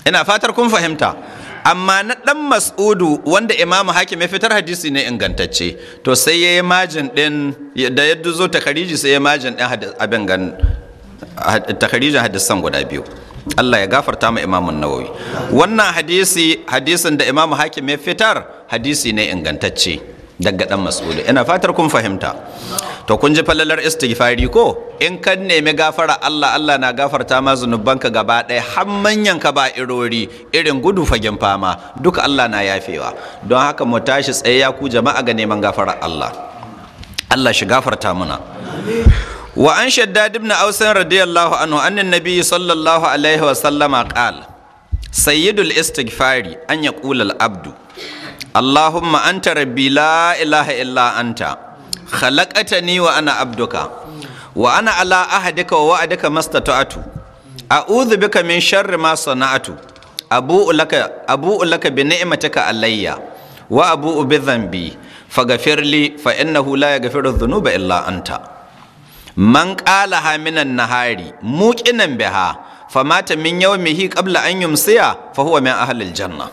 S1: ina fatar kun fahimta amma na dan mas'udu wanda imamu hakim ya fitar hadisi ne ingantacce to sai ya yi majin din da yadda zo takariji sai ya yi majin din abin gan takarijin hadisan guda biyu Allah ya gafarta ma imamun nawawi wannan hadisi hadisin da imamu hakim mai fitar hadisi ne ingantacce daga dan mas'udu ina fatar kun fahimta to kun ji falalar istighfari ko in kan nemi gafara Allah Allah na gafarta ma zunubanka gaba ɗaya har manyan ka ba irori irin gudu fagen fama duka Allah na yafewa don haka mu tashi tsaye ya ku jama'a ga neman gafara Allah Allah shi gafarta muna wa an shaddad ibn ausan radiyallahu anhu annan nabi sallallahu alaihi wa sallama qala sayyidul istighfari anya ƙulal abdu allahumma anta rabbi la ilaha illa anta khalaqtani wa ana abduka wa ana ala ahadika wa wa'adika mastata'tu a'udhu bika min sharri ma sana'tu abu'u laka abu'u laka bi ni'matika alayya wa abu'u bi dhanbi faghfirli fa innahu la yaghfiru dhunuba illa anta man qala minan nahari muqinan biha famata min yawmihi qabla an yumsiya fa huwa min ahli aljanna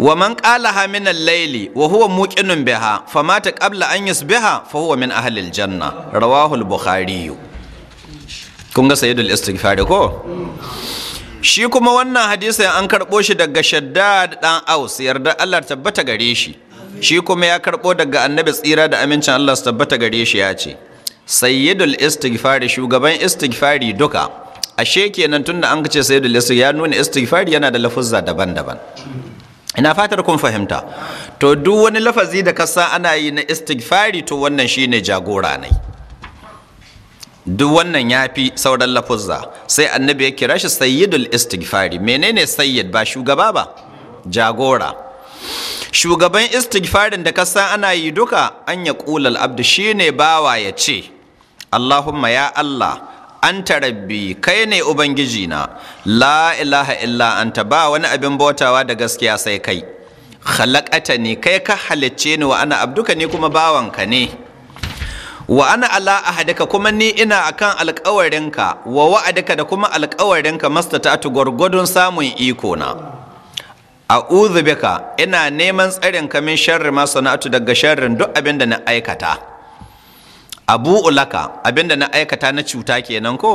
S1: wa man qalaha min al-layli wa huwa muqinun biha famata qabla an yusbiha fa huwa min ahli aljanna rawahu al-bukhari kun ga sayyidul istighfar ko shi kuma wannan hadisin an karbo shi daga shaddad dan aus yarda Allah tabbata gare shi shi kuma ya karbo daga annabi tsira da amincin Allah su tabbata gare shi ya ce sayyidul istighfari shugaban istighfari duka ashe kenan tunda an kace sayyidul istighfari ya nuna istighfari yana da lafuzza daban-daban ina fatar kun fahimta to duk wani lafazi da kasa ana yi na istighfari to wannan shine jagora ne duk wannan ya fi sauran lafuzza sai annabi ya kira shi sayyidul istighfari menene sayyid ba shugaba ba jagora shugaban istighfarin da kasa ana yi duka an ya kulal abdu shine bawa ya ce Allahumma ya Allah anta rabbi kai ne ubangiji na la ilaha illa anta ba wani abin bautawa da gaskiya sai kai khalaqata ni kai ka halicce ni wa ana abduka ni kuma bawanka ne wa ana ala ahadaka kuma ni ina akan alkawarinka wa wa'adaka da kuma alkawarinka mastata'tu gwargwadon samun iko na a'udhu bika ina neman tsarin kamin sharri ma sana'atu daga sharrin duk abin da na aikata abu ulaka abinda na aikata na cuta kenan ko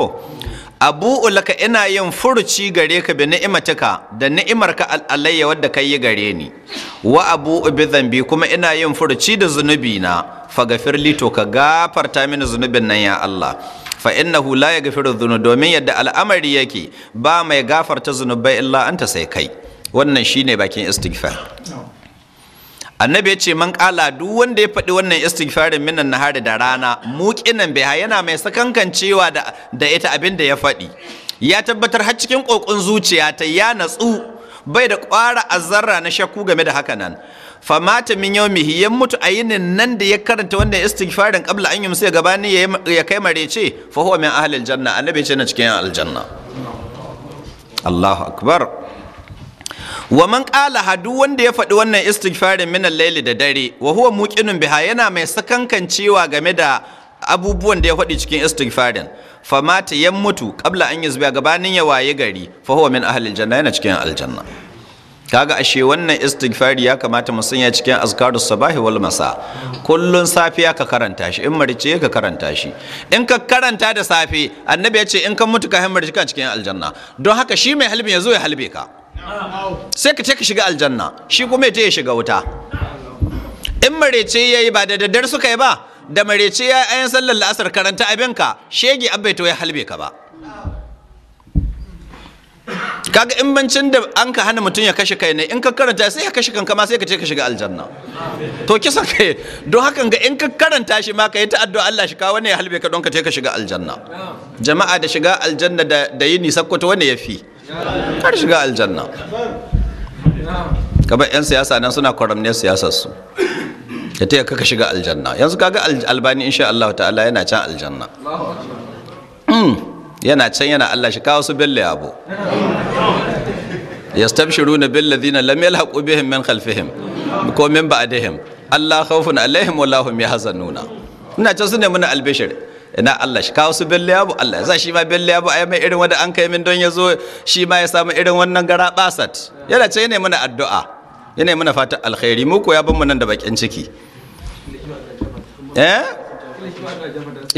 S1: abu ulaka ina yin furuci gare ka bi ni'imatuka da ni'imarka al'alayya wadda ka yi gare ni wa abu bi zambi kuma ina yin furuci da zunubi na fagafir to ka gafarta mini zunubin nan ya Allah fa innahu la yaghfiru dhunub domin yadda al'amari yake ba mai gafarta zunubai illa anta sai kai wannan shine bakin istighfar annabi ya ce man kala duk wanda ya faɗi wannan istighfarin minan nahari da rana Muƙinan biha yana mai sakankancewa cewa da ita abin da ya faɗi ya tabbatar har cikin kokon zuciya ta ya natsu bai da ƙwara azzarra na shakku game da haka nan famata min yaumihi ya mutu a yinin nan da ya karanta wannan istighfarin kabla an yumsi gabani ya kai ce? fa huwa min ahlil janna annabi ya ce na cikin aljanna Allahu akbar wa man qala hadu wanda ya faɗi wannan istighfarin min al-layli da dare wa huwa muqinun biha yana mai sakankan cewa game da abubuwan da ya faɗi cikin istighfarin fa mata yan mutu qabla an yuzba gabanin ya waye gari fa huwa min ahli al-janna yana cikin aljanna kaga ashe wannan istighfari ya kamata mu sanya cikin azkarus sabahi wal masa kullun safiya ka karanta shi in marice ka karanta shi in ka karanta da safe annabi ya ce in ka mutu ka hin ka cikin aljanna don haka shi mai halbi ya zo ya halbe ka sai ka ce ka shiga aljanna shi kuma ya shiga wuta in marece ya yi ba da daddare suka yi ba da marece ya yi ayan sallar la'asar karanta abinka shege abai to ya halbe ka ba kaga in bancin da an ka hana mutum ya kashe kai ne in ka karanta sai ya kashe kanka ma sai ka ce ka shiga aljanna to kisa kai don hakan ga in ka karanta shi ma ka yi ta'addu'a Allah shi kawo ne ya halbe ka don ka ce ka shiga aljanna jama'a da shiga aljanna da yi nisa, kwato wani ya fi Kar shiga aljanna kamar 'yan siyasa nan suna kwaramne siyasarsu ya taya kaka shiga aljanna yanzu kaga albani insha Allah ta'ala yana can aljanna hmm, yana can yana Allah shi kawo su belle abu na bil ladina lam yalhaqu bihim min khalfihim ko min ba'dihim Allah khawfun alaihim wa lahum yahzanuna ina can su ne muna albishir ina Allah shi kawo su belle yabo Allah ya shi ma belle yabo a mai irin wanda an kai min don ya zo shi ma ya samu irin wannan gara basat yana ce yana mana addu'a yana mana fatan alkhairi mu ko ya ban mu nan da bakin ciki eh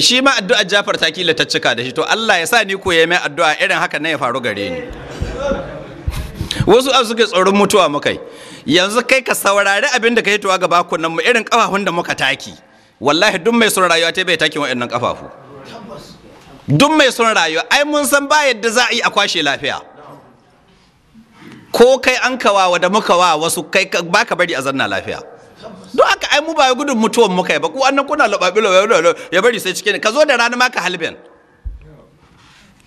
S1: shi ma addu'a Jafar ta kila ta cika da shi to Allah ya sa ni ko ya mai addu'a irin haka ne ya faru gare ni wasu abu suke tsoron mutuwa mukai yanzu kai ka saurari abin da ka yi gaba ga bakunan mu irin kafafun da muka taki wallahi duk mai son rayuwa ta bai takin wa'annan kafafu duk mai son rayuwa ai mun san ba yadda za a yi a kwashe lafiya ko kai an kawawa da muka wa wasu kai baka bari a zanna lafiya don haka ai mu ba gudun mutuwan muka yi ba ku annan kuna lababi ya bari sai cikin ka zo da rana maka halben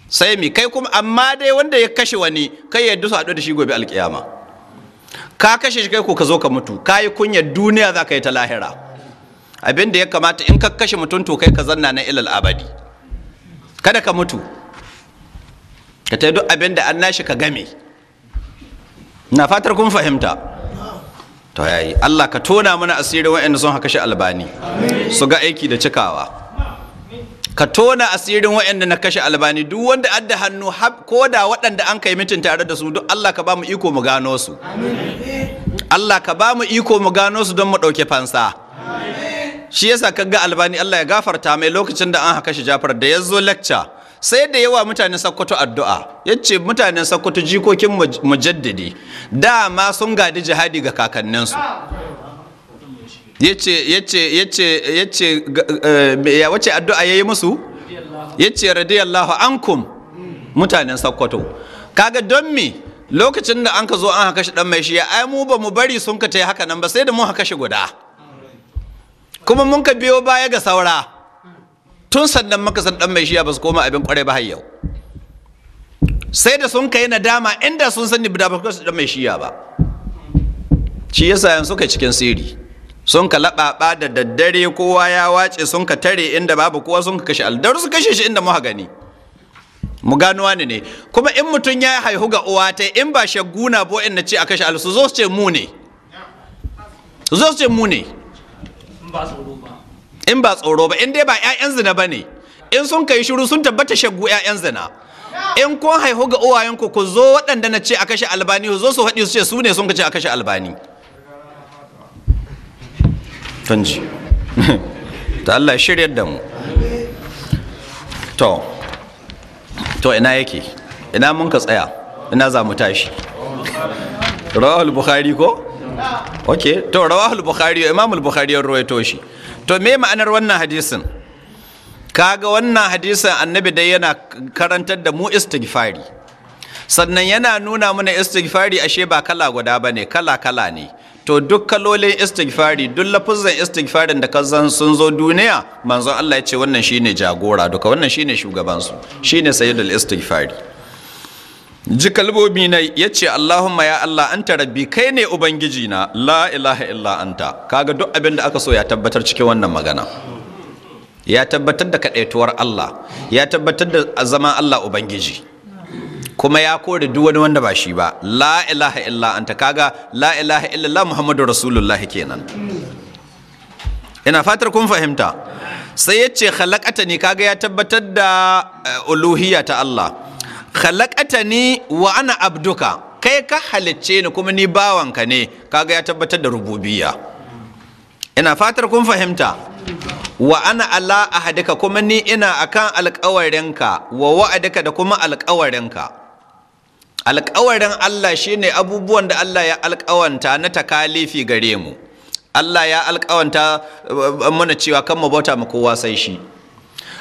S1: sai mi kai kuma amma dai wanda ya kashe wani kai ya dusa da shi gobe alkiyama ka kashe shi kai ko ka zo ka mutu ka yi kunyar duniya za ka yi ta lahira abin da ya kamata in ka kashe mutum to kai ka zanna na ilal abadi kada ka mutu ka ta duk abin da an nashi ka game na fatar kun fahimta to yayi Allah ka tona mana asirin wa'anda sun haka shi albani su ga aiki da cikawa ka tona asirin wa'anda na kashe albani duk wanda adda hannu ko da waɗanda an kai mitin tare da su duk Allah ka ba mu iko mu gano su Allah ka ba mu iko mu gano su don mu ɗauke fansa shi yasa ga albani Allah ya gafarta mai lokacin da an haka shi Jafar da ya zo lecture sai da yawa mutanen Sokoto addu'a yace mutanen Sokoto jikokin mujaddidi dama sun gadi jihadi ga kakanninsu yace yace yace yace eh, ya yi addu'a yayi musu yace radiyallahu ankum mutanen Sokoto kaga don me lokacin da an ka zo an haka shi dan mai shi ai mu ba mu bari sun ka tai haka nan ba sai da mu haka shi guda kuma mun ka biyo baya ga saura tun sannan maka san dan mai shiya ba su koma abin kwarai ba har yau sai da sun kai nadama inda sun sani da ba su dan mai shiya ba shi yasa yan suka cikin siri sun ka laɓaɓa da daddare kowa ya wace sun ka tare inda babu kowa sun ka kashe aldar su kashe shi inda muka gani mu gano wani ne kuma in mutum ya haihu ga uwa ta in ba shaguna bo in na ce a kashe alsu zo su ce mu ne zo su ce mu ne in ba tsoro ba in dai ba 'ya'yan zina ba ne in sun kai shiru sun tabbata shagu 'ya'yan zina in kun haihu ga uwayenku ku zo waɗanda na ce a kashe albani zo su haɗi su ce su ne sun kace a kashe albani tanji [LAUGHS] ta Allah shiryar da mu to to ina yake ina mun ka tsaya ina za mu tashi [LAUGHS] rawal bukhari ko ok to rawahul bukhari imam bukhari ruwaito shi to me ma'anar wannan hadisin kaga wannan hadisin annabi dai yana karantar da mu istighfari sannan yana nuna mana istighfari ashe ba kala guda ba ne kala kala ne to duk kalolin istighfari duk lafuzan istighfarin da ka zan sun zo duniya manzon Allah ya ce wannan shine jagora duka wannan shine shugabansu shine sayyidul istighfari ji kalbobi na ya ce Allahumma ya Allah anta rabbi kai ne ubangiji na la ilaha illa anta kaga duk abin da aka so ya tabbatar cikin wannan magana ya tabbatar da kadaituwar Allah ya tabbatar da zama Allah ubangiji kuma ya kore duk wani wanda ba shi ba la ilaha illa anta kaga la ilaha illallah muhammadu rasulullahi kenan ina fatar kun fahimta sai ya ce ne kaga ya tabbatar da eh, uluhiyya ta Allah khalaqatani wa ana abduka kai ka halicce ni kuma ni bawanka ne kaga ya tabbatar da rububiyya ina fatar kun fahimta wa ana ala ahadika kuma ni ina akan alkawarinka wa wa'adika da kuma ka. Alƙawarin Allah shine abubuwan da Allah ya alƙawanta na takalifi gare mu Allah ya alƙawanta eh, eh, mana cewa kan mu bauta mu kowa sai shi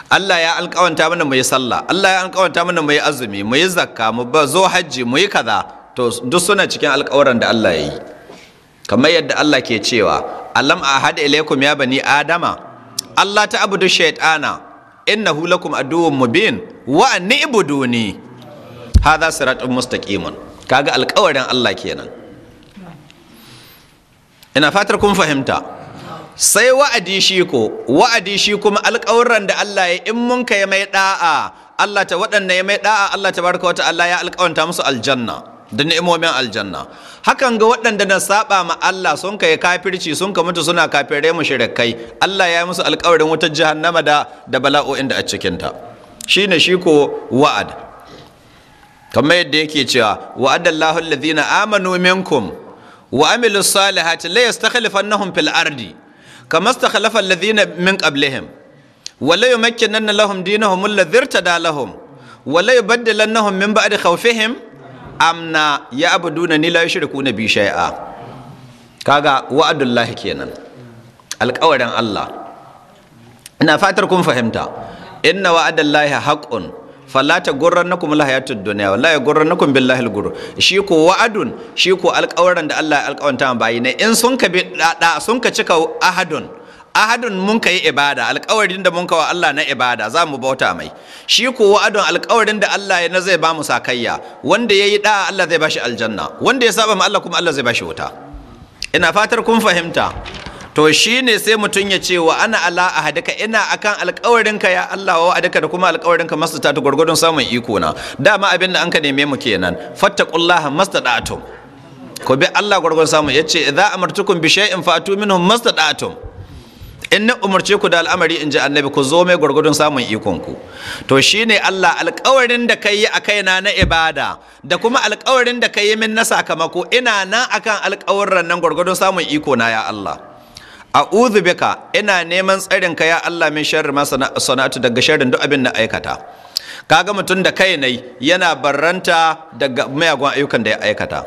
S1: Allah ya alƙawanta mana mu yi sallah Allah ya alƙawanta mana mu yi azumi mu yi zakka mu zo hajji mu yi kaza to duk suna cikin alkawaran da Allah ya yi kamar yadda Allah ke cewa alam ahad ilaikum ya bani adama Allah ta abudu Inna innahu lakum aduwwun mubin wa an ibuduni hadha siratun mustaqimun kaga alƙawarin Allah kenan ina fatar kun fahimta sai wa'adi shi ko wa'adi shi kuma alƙawuran da Allah ya in mun ka ya mai da'a Allah ta waɗanda ya mai da'a Allah ta baraka wata Allah ya alƙawanta musu aljanna da ni'imomin aljanna hakan ga waɗanda na saɓa ma Allah sun kai kafirci sun ka mutu suna kafirai mu shirikai Allah ya yi musu alƙawarin wutar jahannama da da bala'o'in da a cikinta. ta shine shi ko wa'ad kamar yadda yake cewa wa'adallahu alladhina amanu minkum wa amilus salihati la yastakhlifannahum fil ardi kama stakhlafa alladhina min qablihim wala na lahum dinahum alladhi da lahum wala yubaddilannahum min da khawfihim amna ya abuduna ni la na bi a kaga wa'adullahi kenan alƙawarin Allah ina fatar kun fahimta inna wa'adallahi haƙƙun. falata kuma lahayatun duniya wallahi gurrannakum billahi alghurur shi ko wa'adun shi ko alƙawaran da Allah ya alƙawanta ma bayi ne in sun ka bi da sun ka cika ahadun ahadun mun ka yi ibada alƙawarin da mun ka wa Allah na ibada za mu bauta mai shi ko wa'adun alƙawarin da Allah ya na zai ba mu sakayya wanda yayi da Allah zai bashi aljanna wanda ya saba ma Allah kuma Allah zai bashi wuta ina fatar kun fahimta to shine sai mutum ya ce wa ana ala ahadaka ina akan alkawarinka ya Allah wa adaka da kuma alkawarinka masta ta gurgurdun samun iko na dama abin da an ka neme mu kenan fattaqullaha mastada'tum ko bi Allah gurgurdun samun yace idza amartukum bi shay'in fatu minhum mastada'tum in na umarce ku da al'amari in ji annabi ku zo mai gwargwadon samun ikon ku to shine Allah alƙawarin da kai a kaina na ibada da kuma alkawarin da kai min na sakamako ina nan akan alkawarin nan gwargwadon samun iko na ya Allah A bika ina neman tsarin ka ya Allah min sharri ma sana'atu daga sharrin duk abin na aikata kaga mutum da kai nai yana barranta daga mayagun ayyukan da ya aikata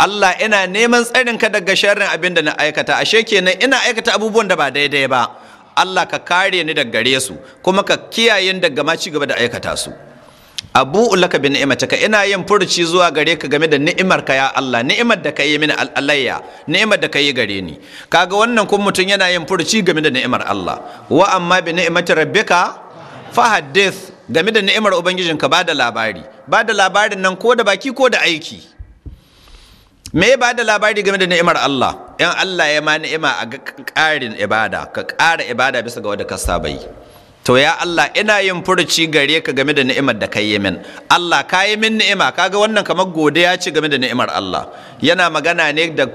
S1: Allah ina neman tsarin ka daga sharrin abin da na aikata ashe kenan ina aikata abubuwan da ba daidai ba Allah ka kare ni daga gare su kuma ka kiyaye ni daga ma ci gaba da aikata su abu laka bi ka ina yin furuci zuwa gare ka game da ni'imar ka ya Allah ni'imar da ka mini alayya ni'imar da ka yi gare ni kaga wannan kun mutum yana yin furuci game da ni'imar Allah wa amma bi ni'mati rabbika fahaddith game da ni'imar ubangijin ba da labari ba da labarin nan ko da baki ko da aiki me ba da labari game da ni'imar Allah in Allah ya ma ni'ima a ƙarin ibada ka ƙara ibada bisa ga wanda ka saba yi to ya Allah ina yin furuci gare ka game da ni'imar da kai min Allah ka yi min ni'ima kaga wannan kamar godiya ce game da ni'imar Allah yana magana ne da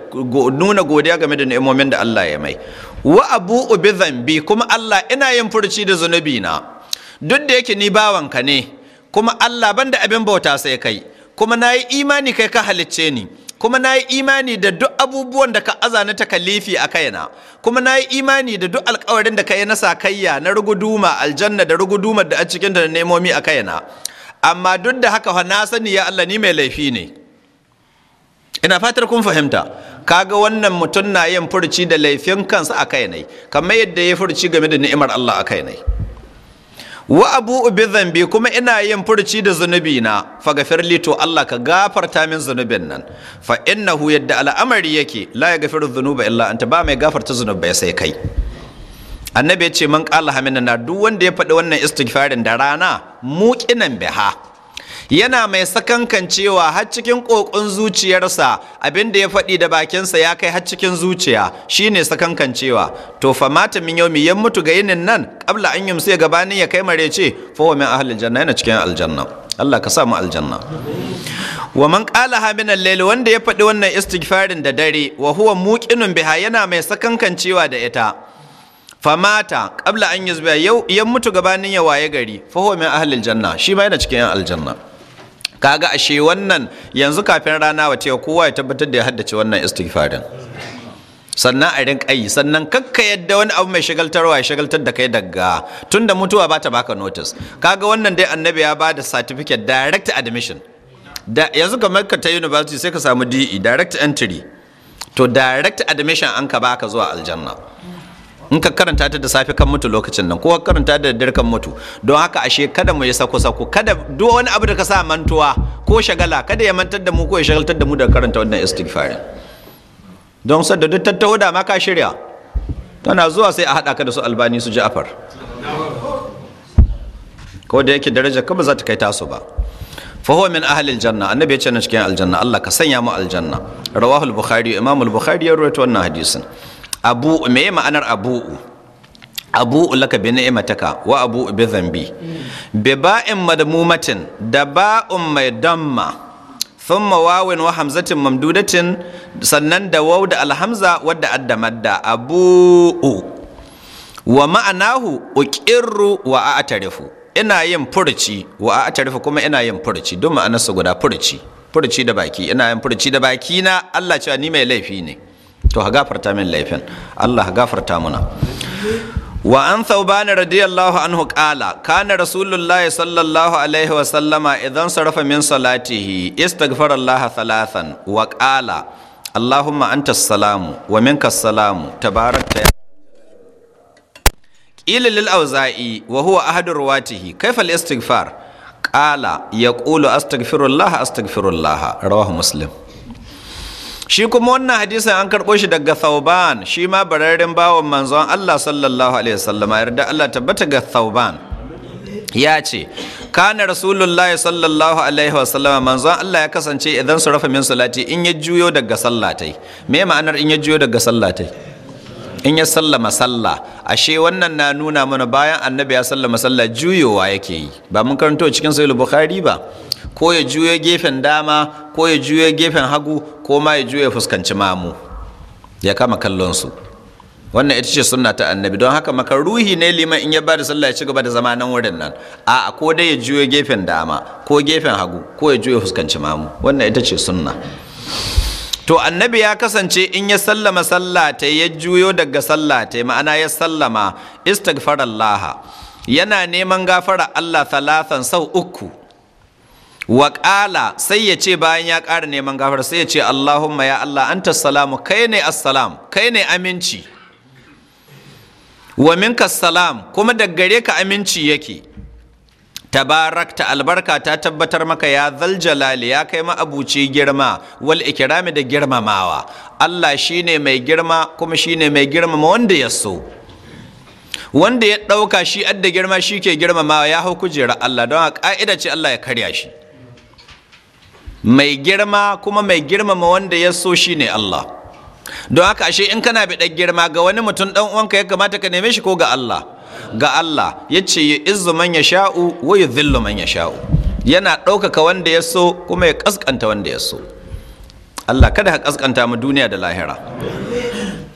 S1: nuna godiya game da ni'imomin da Allah ya mai wa abu bi zambi kuma Allah ina yin furuci da zunubi na duk da yake ni bawanka ne kuma Allah banda abin bauta sai kai kuma na yi imani kai ka halicce ni kuma na yi imani da duk abubuwan da ka azana ta kalifi a kaina kuma na yi imani da duk alkawarin da ka yi na sakayya na ruguduma aljanna da rugudumar da a cikin da nemomi a kaina amma duk da haka na sani ya Allah ni mai laifi ne ina fatar kun fahimta kaga wannan mutum na yin furci da laifin kansa a kai kamar yadda ya furci game da ni'imar Allah a kai wa abu bi zambi kuma ina yin furci da zunubi na faghfir li to Allah ka gafarta min zunubin nan fa hu yadda al'amari yake la yaghfiru zunuba illa anta ba mai gafarta zunuba ya sai kai annabi ya ce man qala hamina na duk wanda ya faɗi wannan istighfarin da rana muqinan biha yana mai sakankancewa har cikin kokon zuciyarsa abin da ya faɗi da bakinsa ya kai har cikin zuciya shine sakankancewa to fa mata min yau mutu ga yinin nan ƙabla an yumsi gabanin ya kai mare ce fa wa min ahlil janna yana cikin aljanna Allah ka sa mu aljanna wa man qala ha min al-layl wanda ya faɗi wannan istighfarin da dare wa huwa muqinun biha yana mai sakankancewa da ita famata qabla an yuzba yau yan mutu gabanin ya waye gari fa huwa janna shi ma yana cikin aljanna kaga ashe wannan yanzu kafin rana wace kowa ya tabbatar da ya haddace wannan istighfarin sannan a rinka yi sannan kakka yadda wani abu mai shagaltarwa ya shagaltar da kai daga tunda mutuwa ba ta baka notice kaga wannan dai annabi ya bada certificate direct admission da yanzu kamar ka ta university sai ka samu DE direct entry to direct admission an ka baka zuwa aljanna in ka karanta ta da safe kan mutu lokacin nan ko karanta da daddare kan mutu don haka ashe kada mu yi sako sako kada duk wani abu da ka sa mantuwa ko shagala kada ya mantar da mu ko ya shagaltar da mu da karanta wannan istighfar don sadda duk tattaho da ma ka shirya tana zuwa sai a haɗa ka da su albani su ja'far ko da yake daraja, ka ba za ta kai tasu ba فهو annabi أهل الجنة na يتشنج كان الجنة الله كسن يامو الجنة bukhari البخاري bukhari ya يروي wannan hadisin. abu me ma'anar abu'u abu laka bi ni'mataka wa abu bi zambi bi ba'in madmumatin da ba'un mai damma thumma wawin wa hamzatin mamdudatin sannan da waw da alhamza wadda adda madda abu wa ma'anahu uqirru wa a'tarifu ina yin furci wa a'tarifu kuma ina yin furci don ma'anarsa guda furci furci da baki ina yin furci da baki na Allah cewa ni mai laifi ne to ha gafarta min laifin Allah ha gafarta muna wa an thawban radiyallahu anhu kala kana rasulullahi sallallahu alaihi wa sallama idan sarafa min salatihi istaghfara Allah thalathan wa qala Allahumma anta salamu wa minka salamu tabarakta ya qila lil auza'i wa huwa ahadu ruwatihi kayfa al istighfar qala yaqulu astaghfirullah astaghfirullah rawahu muslim shi kuma wannan hadisin an karɓo shi daga thauban shi ma bararren bawan manzon Allah sallallahu alaihi wasallama yarda Allah tabbata ga thauban ya ce kana rasulullahi sallallahu alaihi wasallama manzon Allah ya kasance idan su rafa min salati in ya juyo daga sallatai me ma'anar in ya juyo daga sallatai in ya sallama sallah ashe wannan na nuna mana bayan annabi ya sallama sallah juyowa yake yi ba mun karanto cikin sahih bukhari ba ko ya juye gefen dama ko ya juye gefen hagu ko ma ya juya fuskanci mamu ya kama kallon wannan ita ce sunna ta annabi don haka ruhi ne liman in ya ba da sallah ya ci gaba da zama nan wurin nan a ko dai ya juye gefen dama ko gefen hagu ko ya juya fuskanci mamu wannan ita ce sunna to annabi ya kasance in ya sallama sallah ta ya juyo daga sallah ta ma'ana ya sallama istighfarallah yana neman gafara Allah talatan sau uku Waƙala sai ya ce bayan ya ƙara neman gafara sai ya ce Allahumma ya Allah anta salamu kai ne assalam kai ne aminci wa minka salam kuma da gare ka aminci yake tabarakta albarka ta tabbatar maka ya zal jalali ya kai ma ma'abuci girma wal ikirami da girmamawa Allah shine mai girma kuma shine mai girmama wanda ya so wanda ya ɗauka shi adda girma shi ke girmamawa ya hau kujerar Allah don a ƙa'ida ce Allah ya karya shi mai girma kuma mai girmama wanda ya so shi ne Allah don haka ashe in kana biɗar girma ga wani mutum ɗan uwanka ya kamata ka neme shi ko ga Allah ga Allah ya ce ya izu man ya sha'u wa ya zillu man sha'u yana ɗaukaka wanda ya so kuma ya ƙasƙanta wanda ya so Allah kada ka ƙasƙanta mu duniya da lahira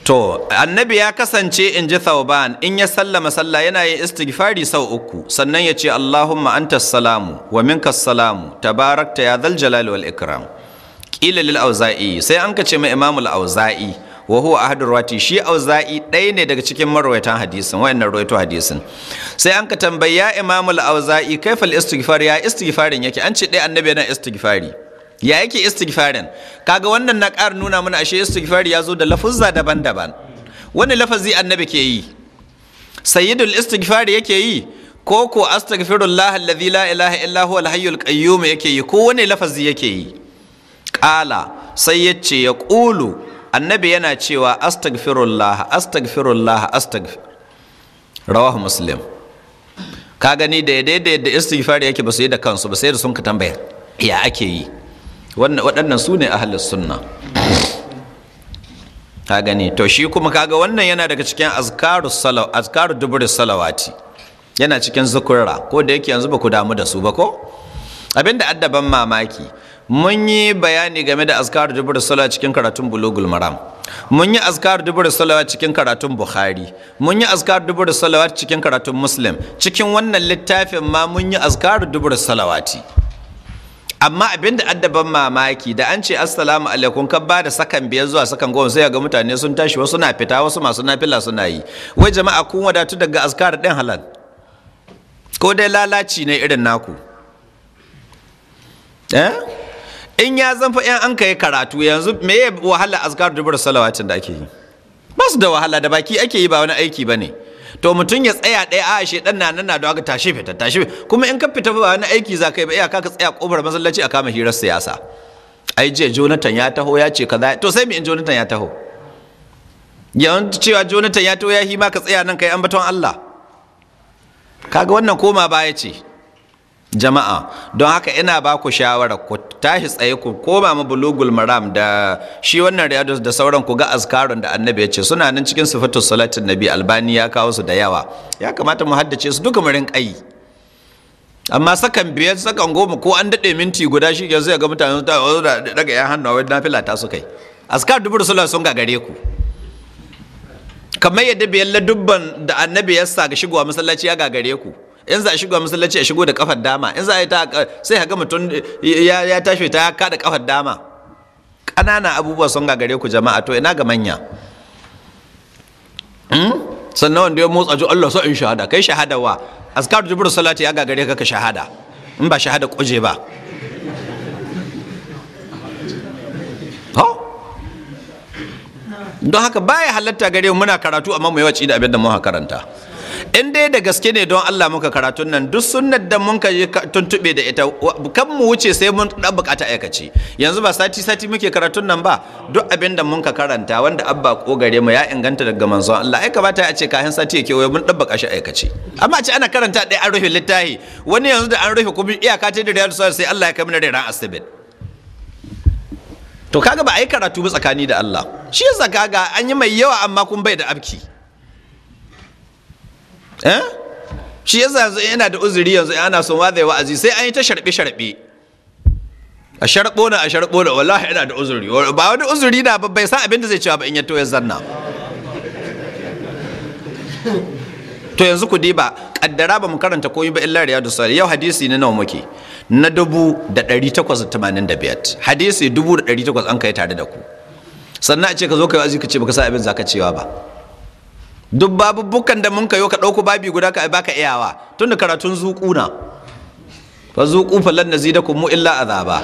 S1: to annabi ya kasance in ji thauban in ya sallama sallah yana yin istighfari sau uku sannan ya ce allahumma anta salamu wa minka salamu tabarakta ya zal jalali wal ikram ƙila lil auza'i sai an ka ce mai imamul auza'i wa huwa ahadu rawati shi auza'i ɗaya ne daga cikin marwayatan hadisin wayannan rawaito hadisin sai an ka tambayi ya imamul auza'i kaifal istighfar ya istighfarin yake an ce ɗaya annabi yana istighfari ya yake istighfarin kaga wannan na ƙara nuna mana ashe istighfari ya zo da lafuzza daban-daban wani lafazi annabi ke yi sayyidul istighfari yake yi ko ko astaghfirullah alladhi la ilaha illa huwa alhayyul qayyum yake yi ko wani lafazi yake yi qala sai yace ya qulu annabi yana cewa astaghfirullah astaghfirullah astaghfir rawahu muslim ka gani da daidai da istighfari yake ba su yi da kansu ba sai da sun ka tambaya ya ake yi waɗannan su ne ahalus sunna ka gani to shi kuma kaga wannan yana daga cikin azkaru dubur salawati yana cikin zukurra ko da yake yanzu ba ku damu da su ba ko abinda addaban mamaki mun yi bayani game da azkaru dubur salawa cikin karatun bulugul maram mun yi azkar dubur salawa cikin karatun bukhari mun yi azkar dubur salawa cikin karatun muslim cikin wannan littafin ma mun yi azkar dubur salawati amma abin da addaban mamaki da an ce assalamu alaikum kan ba da sakan biyar zuwa sakan goma sai ga mutane sun tashi wasu na fita wasu masu nafila suna yi wai jama'a kun wadatu daga askar ɗin halal ko dai lalaci ne irin naku eh? in ya zanfa yan an kai karatu yanzu me ya wahala askar dubur salawatin da ake yi ba su da wahala da baki ake yi ba wani aiki ba ne to mutum ya tsaya ɗaya a ashe ɗan nan na da tashi fita tashi kuma in ka fita ba wani aiki za ka yi ba iyaka ka tsaya kofar masallaci a kama hirar siyasa ai jiya jonathan ya taho ya ce kaza to sai mu in jonathan ya taho yawan cewa jonathan ya taho ya hima ka tsaya nan kai baton allah kaga wannan koma baya ce jama'a don haka ina ba ku shawara ku tashi tsaye ku koma ma bulugul maram da shi wannan riyadus da sauran ku ga azkarun da annabi ya ce suna nan cikin sifatu salatin nabi albani ya kawo su da yawa ya kamata mu haddace su duka murin kai amma sakan biyar sakan goma ko an daɗe minti guda shi ke zai ga mutane su tawo da daga yan hannu wani nafila ta su kai askar dubu rasulullah sun gagare ku kamar yadda biyan dubban da annabi ya sa ga shigowa masallaci ya gagare ku in za a shigo masallaci a shigo da kafar dama in za a yi ta sai ka ga mutum ya tashi ta ka da kafar dama ƙanana abubuwa sun gagare ku jama'a to ina ga manya hmm? sannan wanda ya motsa ju Allah sai in shahada kai shahada wa Askar jibril salati ya gagare ka ka shahada in ba shahada kuje ba don haka baya halatta gare mu, muna karatu amma mu yi wace da abin da mu karanta in dai da gaske ne don Allah muka karatun nan duk sunnar da mun yi tuntube da ita kan mu wuce sai mun dan bukata aikaci yanzu ba sati sati muke karatun nan ba duk abin da mun karanta wanda abba ko gare mu ya inganta daga manzon Allah ai kamata a ce kafin sati yake wai mun dan baka shi aikaci amma ce ana karanta dai an rufe littafi wani yanzu da an rufe kuma iyaka ta da riyadu sai Allah ya kai mana da asibit to kaga ba a karatu ba tsakani da Allah shi yasa kaga an yi mai yawa amma kun bai da abki eh shi yasa yanzu yana da uzuri yanzu ana so ma zai wa'azi sai an yi ta sharbe sharbe a sharbo na a sharbo na wallahi yana da uzuri ba wani uzuri na ba bai san abin da zai cewa ba in yato ya zanna [LAUGHS] to yanzu ku diba kaddara ba mu karanta koyi ba illa riyadu salih yau hadisi ne nawa muke na dubu da ɗari takwas da tamanin da hadisi dubu da ɗari takwas an kai tare da ku sannan a ce ka zo kai wa azi ka ce baka sa abin zaka cewa ba duk babubukan da mun kayo ka ɗauko babi guda ka baka iyawa tun da karatun zuƙuna fa zuƙu falan na zida mu illa azaba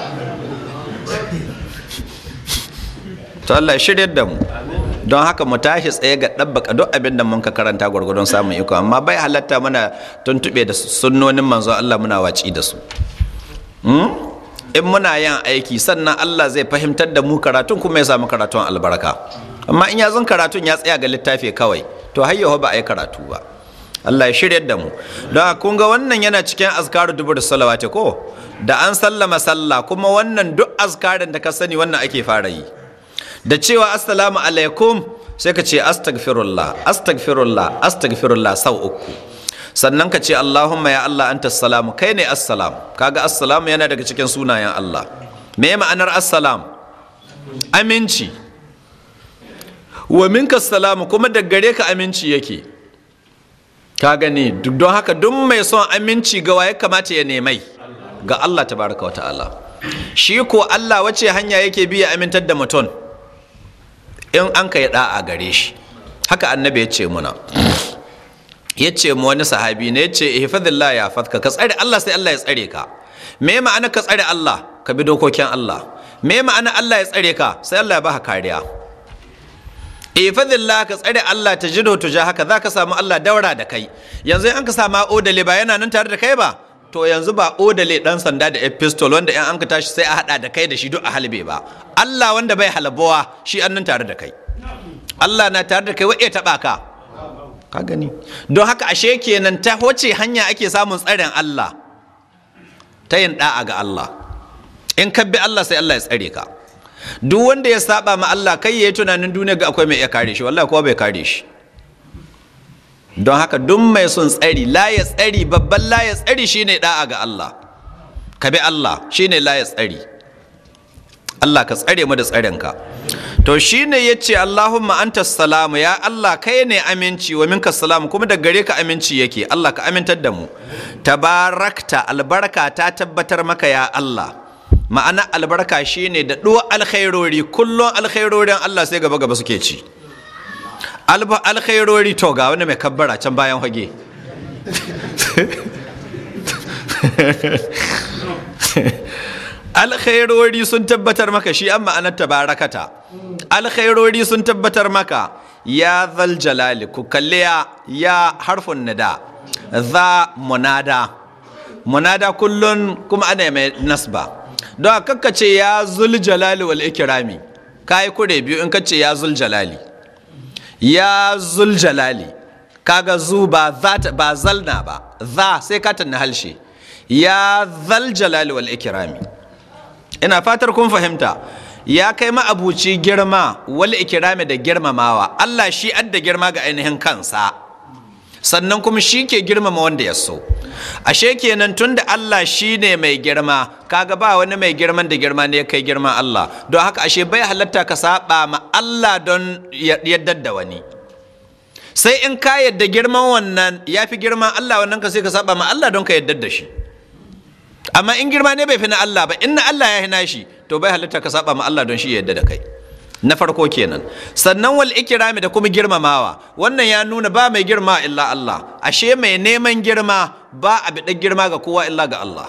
S1: to Allah shiryar da mu don haka mu tashi tsaye ga ɗabbaka duk abin da mun ka karanta gwargwadon samun iko amma bai halatta mana tuntuɓe da sunnonin manzo. Allah muna waci da su hmm? in muna yin aiki sannan Allah zai fahimtar da mu karatun kuma ya samu karatun albarka amma in ya zan karatun ya tsaya ga littafi kawai to har yau ba a yi karatu ba Allah ya shirya da mu don kun ga wannan yana cikin azkaru dubu da salawati ko da an sallama sallah kuma wannan duk azkarin da ka sani wannan ake fara yi da cewa assalamu alaikum sai ka ce astagfirullah astagfirullah astagfirullah sau uku sannan ka ce allahumma ya allah anta salamu kai ne assalam kaga assalamu yana daga cikin sunayen allah me ma'anar assalam aminci wa minka salamu kuma da gare ka aminci yake ka gani don haka duk mai son aminci ga ya kamata ya nemai ga Allah tabaraka wa ta'ala shi ko Allah wace hanya yake biya amintar da mutum in an ka da'a gare shi haka annabi ya ce muna ya ce mu wani sahabi ne ya ce ihfadillah ya fatka ka tsare Allah sai Allah ya tsare ka me ma'ana ka tsare Allah ka bi dokokin Allah me ma'ana Allah ya tsare ka sai Allah ya baka kariya Eh, la ka tsare Allah ta jido ja haka za ka samu Allah daura da kai yanzu an ka samu odale ba yana nan tare da kai ba to yanzu ba odale dan sanda da epistol wanda in an ka tashi sai a hada da kai da shi duk a halbe ba Allah wanda bai halabawa shi an nan tare da kai Allah na tare da kai wa iya taba ka ka gani don haka ashe kenan ta wace hanya ake samun tsarin Allah ta yin da'a ga Allah in ka bi Allah sai Allah ya tsare ka duk wanda ya saba ma Allah kai ya yi tunanin duniya ga akwai mai iya kare shi wallahi kowa bai kare shi don haka duk mai son tsari la ya tsari babban la ya tsari shine da'a ga Allah ka bi Allah shine la ya tsari Allah ka tsare mu da tsarinka to shine yace Allahumma anta salamu ya Allah kai ne aminci wa minka salamu kuma da gare ka aminci yake Allah ka amintar da mu tabarakta albarka ta tabbatar maka ya Allah ma'ana albarka shine da ɗuwa alkhairori kullum alkhairorin Allah sai gaba gaba suke ci alkhairori to ga wani mai kabbara can bayan hage alkhairori sun tabbatar maka shi an ma'anar tabarakata alkhairori sun tabbatar maka ya zal jalali ku kalli ya harfin nada za munada munada kullun kuma ana mai nasba don kakka ce ya zul jalali wal ikirami ka yi kure biyu in kace ce ya zul jalali ya zul jalali kaga zu ba ba zalna ba za sai ka na halshe ya zal jalali wal ikirami ina fatar kun fahimta ya kai ma ma'abuci girma wal ikirami da girmamawa Allah shi adda girma ga ainihin kansa sannan kuma shi ke girmama wanda ya so ashe kenan tun da Allah shi ne mai girma kaga ba wani mai girman da girma ne kai girman Allah don haka ashe bai halatta ka saba ma Allah don yadda da wani sai in ka yadda girman wannan ya fi girma Allah wannan ka sai ka saba ma Allah don ka yadda da shi amma in girma ne bai fi na Allah ba in na Allah ya hina shi to bai halatta ka saba ma Allah don shi ya yadda da kai na farko kenan sannan wal ikirami da kuma girmamawa wannan ya nuna ba mai girma illa Allah ashe mai neman girma ba a bi girma ga kowa illa ga Allah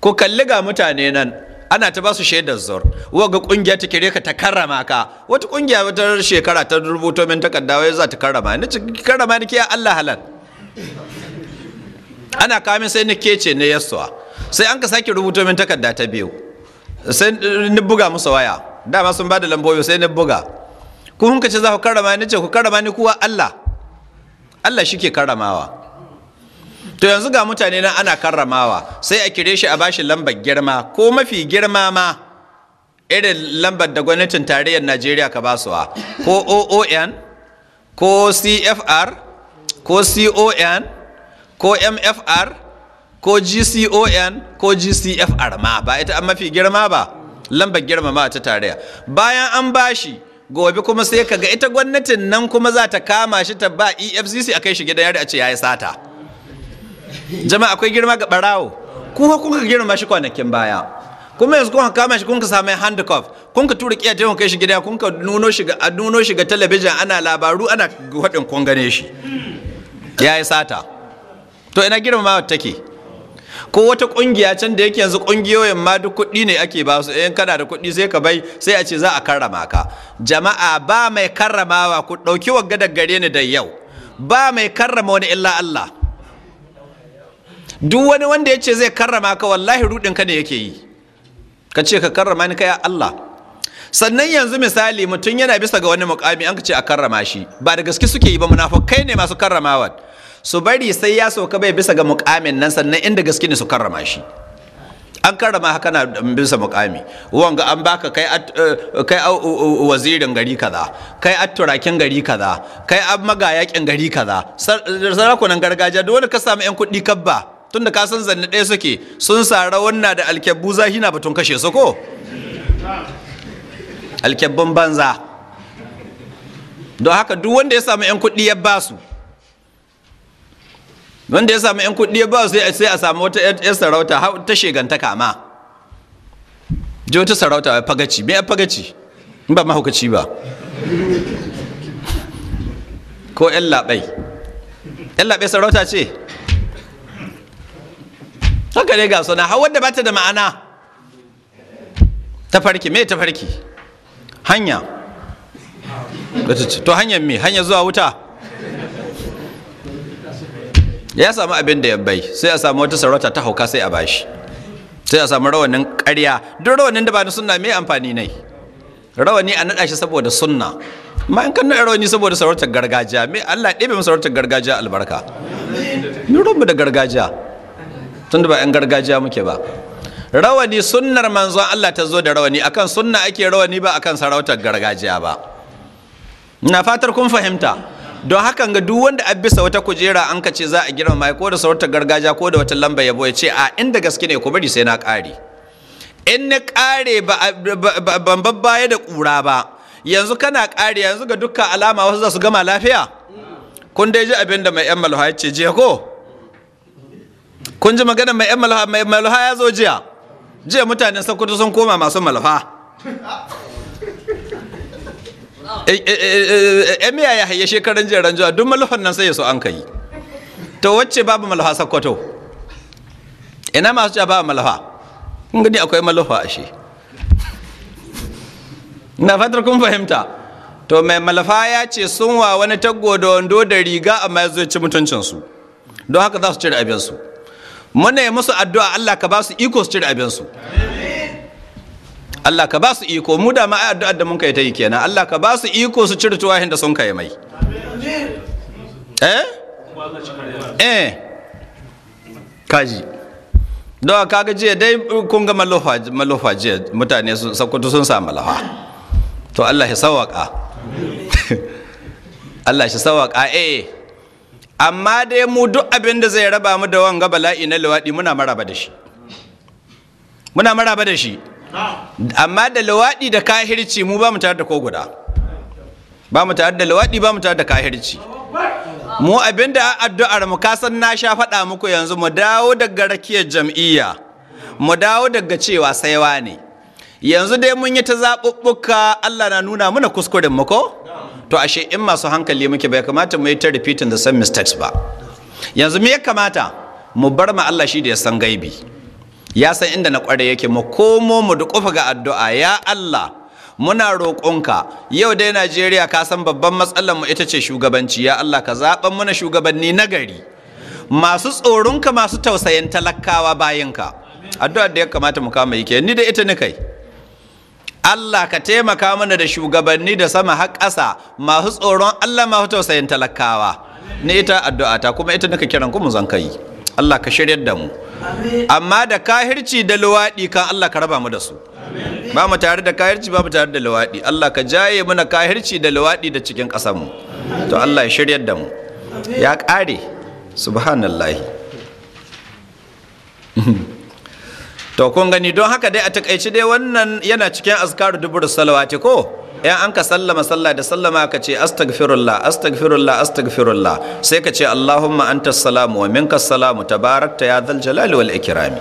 S1: ku kalli ga mutane nan ana ta ba su shaidar zor ga kungiya ta kire ka ta karrama ka wata kungiya wata shekara ta rubuto min takarda wai za ta karrama ni ci karrama ni ke Allah halal ana kawo min sai ni kece ne yaswa sai an ka sake rubuto min takarda ta biyu sai ni buga musu waya dama sun ba da lambobi sai na buga ku hun ce za ku karrama ni ce ku karrama ni kuwa Allah Allah shi ke karramawa to yanzu ga mutane nan ana karramawa sai a kire shi a bashi lambar girma ko mafi girma ma irin lambar da gwamnatin tarayyar Najeriya ka basuwa ko OON ko CFR ko CON ko MFR ko GCON ko GCFR ma ba ita an mafi girma ba lambar girmama ta tarayya bayan an bashi gobe kuma sai kaga ita gwamnatin nan kuma za ta kama shi ta ba efcc a kai shi gidan yari a ce ya yi sata jama'a akwai girma ga barawo kuma kun ka girma shi kwanakin baya kuma yanzu kun kama shi kun ka samu handcuff kun ka tura kiyaye ta kai shi gida kun ka nuno shi ga nuno shi ga talabijin ana labaru ana wadin kun gane shi ya yi sata to ina ma take ko wata kungiya can da yake yanzu kungiyoyin ma duk kuɗi ne ake ba su eh, in kana da kuɗi sai ka bai sai a ce za a karrama ka jama'a ba mai karramawa ku ɗauki wagga da gare ni da yau ba mai karrama wani illa Allah duk wani wanda ya ce zai karrama ka wallahi rudin ka ne yake yi ka ce ka karrama ni kai Allah sannan yanzu misali mutum yana bisa ga wani mukami an ka ce a karrama shi ba da gaske suke yi ba kai ne masu karramawa su bari sai ya sauka bai bisa ga mukamin nan sannan inda gaske ne su karrama shi an karrama haka na bisa mukami wanga an baka kai eh, kai wazirin gari kaza kai atturakin gari kaza kai an magayakin gari kaza sarakunan gargajiya dole ka samu yan kuɗi kabba tunda ka san zanne ɗaya suke sun sara wannan da alkyabbu zahi na batun kashe su ko alkyabbun banza don haka duk wanda ya samu 'yan kuɗi ya basu. wanda ya samu 'yan kuɗi ba sai a samu wata 'yan sarauta ta shiganta kama ji wata sarauta ya fagaci me ya fagaci in ba mahaukaci ba ko 'yan labai 'yan labai sarauta ce haka ne ga suna hawar wanda bata da ma'ana Ta mai me farki hanya to hanyar me hanya zuwa wuta ya samu abin da ya bai sai ya samu wata sarauta ta hauka sai a bashi sai ya samu rawanin ƙarya duk rawanin da ba na sunna mai amfani nai rawani a naɗa shi saboda sunna ma in kan rawani saboda sarautar gargajiya me Allah ɗebe mu sarautar gargajiya albarka ni rubu da gargajiya tun da ba 'yan gargajiya muke ba rawani sunnar manzon Allah ta zo da rawani akan sunna ake rawani ba akan sarautar gargajiya ba na fatar kun fahimta don hakan ga duk wanda an bisa wata kujera an ka ce za a girmama ko da sauta gargajiya ko da wata lamba yabo ya ce a inda gaske ne ku bari sai na ƙare in na ƙare ban babbaya da ƙura ba yanzu kana ƙare yanzu ga dukkan alama wasu za su gama lafiya kun dai ji abin da mai yan malha ya ce jiya ko kun ji magana mai yan mai malha ya zo jiya jiya mutanen sakkwato sun koma masu malha emiya eh, eh, eh, ya haye shekaran jiran jiwa duk malufan nan sai ya so an kai to wacce babu malafa sakkwato ina masu ja babu malafa kun gani akwai malafa ashe na fatar kun fahimta to mai malafa ya ce sun wa wani taggo da wando da riga amma ya zo ci mutuncinsu don haka za su cire abinsu muna yi musu addu'a Allah ka ba su iko su cire abinsu Allah ka ba su iko mu da ma ai addu'ar da mun kai ta yi kenan Allah ka ba su iko su cire tuwahin da sun kai mai eh eh kaji ka kaga jiya dai kun ga malofa jiya mutane sun sakkwato sun samu malofa to Allah ya sawaka [LAUGHS] Allah shi sawaka eh amma dai mu duk abin da zai raba mu da wanga bala'i na luwaɗi muna maraba da shi muna maraba da shi amma da lawaɗi da kahirci mu ba mu tare da ko guda ba mu tare da lawaɗi ba mu tare da kahirci mu abinda addu'ar mu kasan na sha faɗa muku yanzu mu dawo daga rakiyar jam'iyya mu dawo daga cewa saiwa ne yanzu dai mun yi ta zaɓuɓɓuka Allah na nuna muna kuskuren mu ko to ashe in masu hankali muke bai kamata mu yi ta repeating the same mistakes ba yanzu me ya kamata mu bar ma Allah shi da ya san gaibi ya san inda na kware yake mu komo mu duƙufa ga addu'a ya Allah muna roƙonka yau dai Najeriya ka san babban matsalar mu ita ce shugabanci ya Allah ka zaɓa mana shugabanni na gari masu tsoronka masu tausayin talakawa bayanka addu'ar da ya kamata mu kama yake ni da ita ni kai Allah ka taimaka mana da shugabanni da sama har ƙasa masu tsoron Allah masu tausayin talakawa ni ita addu'a kuma ita nika kiran kuma zan kai Allah ka shiryar da mu amma da kahirci da luwaɗi kan Allah ka raba mu da su ba mu tare da kahirci ba mu tare da luwaɗi Allah ka jaye muna kahirci da luwaɗi da cikin ƙasar mu to Allah ya shiryar da mu ya ƙare subhanallahi [LAUGHS] to kun gani don haka dai a takaice dai wannan yana cikin azkaru dubur salawati ko ya an ka sallama sallah da sallama ka ce astaghfirullah astaghfirullah astaghfirullah sai ka ce allahumma anta salamu wa minka salamu tabarakta ya dal jalali wal ikrami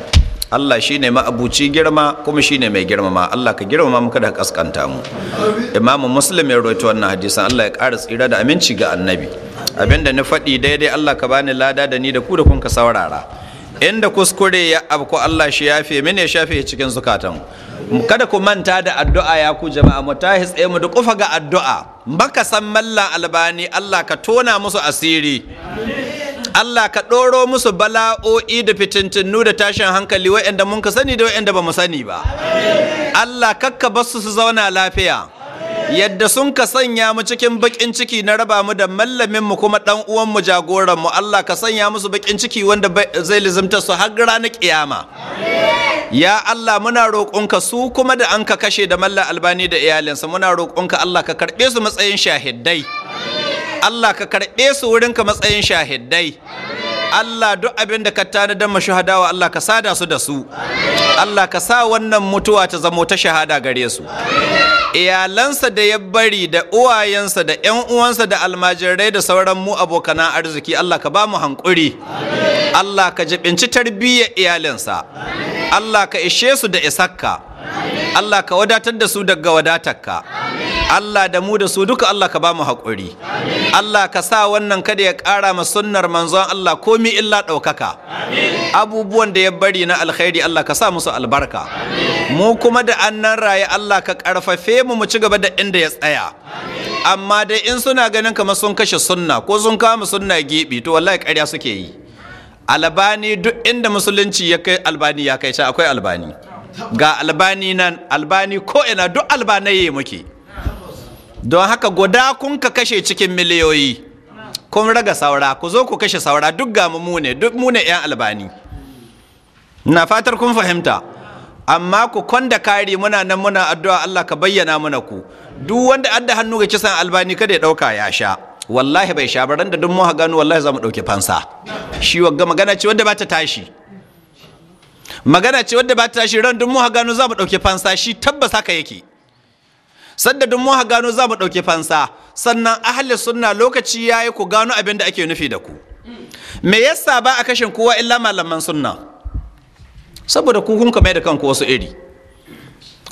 S1: Allah ne ma'abuci girma kuma shi ne mai girmama Allah ka girmama muka da kaskanta mu imamu Muslim ya rawaito wannan hadisan Allah ya ƙara tsira da aminci ga Annabi abinda na faɗi daidai Allah ka bani lada da ni da ku da kun ka saurara inda kuskure ya abu Allah shi yafe mini ya shafe cikin zukatan kada ku manta da addu'a ya ku jama'a mu ta tsaye mu kufa ga addu'a baka san malla albani Allah ka tona musu asiri Allah ka ɗoro musu bala'o'i da fitintinu da tashin hankali wa'anda mun ka sani da wa'anda ba mu sani ba Allah kakka basu su zauna lafiya yadda sun ka sanya mu cikin bakin ciki na raba mu da mallamin mu kuma dan uwan mu jagoran Allah ka sanya musu bakin ciki wanda zai lizimta su har ranar kiyama ya Allah muna roƙonka su kuma da an ka kashe da mallan albani da iyalinsa muna roƙonka Allah ka karɓe su matsayin shahidai Allah ka karɓe su wurinka matsayin shahidai Allah duk abin da ka tanadar ma shahadawa Allah ka sada su da su Allah ka sa wannan mutuwa ta zamo ta shahada gare su iyalansa da ya bari da uwayensa da yan uwansa da almajirai da sauran mu abokanan arziki Allah ka ba mu hankuri Allah ka jibinci tarbiyyar iyalinsa Allah ka ishe su da isakka Allah ka wadatar da su daga wadatarka Allah da mu da su duka Allah ka ba mu haƙuri Allah ka sa wannan kada ya ƙara ma sunnar manzon Allah komi illa ɗaukaka abubuwan da ya bari na alkhairi Allah ka sa musu albarka mu kuma da annan raye Allah ka ƙarfafe mu mu ci gaba da inda ya tsaya amma dai in suna ganin kamar sun kashe sunna ko sun kama sunna gibi to wallahi ƙarya suke yi albani duk inda musulunci ya kai albani ya kai sha akwai albani ga albani nan albani ko ina duk albanai muke don haka guda kun ka kashe cikin miliyoyi kun raga saura ku zo ku kashe saura duk ga mu ne duk mu ne yan albani na fatar kun fahimta amma ku kwanda kari muna nan muna addu'a Allah ka bayyana mana ku duk wanda adda hannu ga kisan albani kada ya dauka ya sha wallahi bai sha baran da duk mu gano wallahi za mu dauke fansa shi wagga magana ce wanda ba ta tashi magana ce wanda ba ta tashi ran duk mu gano za mu dauke fansa shi tabbas haka yake saddadin mu gano za mu ɗauki fansa sannan ahli sunna lokaci yayi ku gano abin da ake nufi da ku me yasa ba a kashin kowa illa malaman sunna saboda ku kun kamar da kanku wasu iri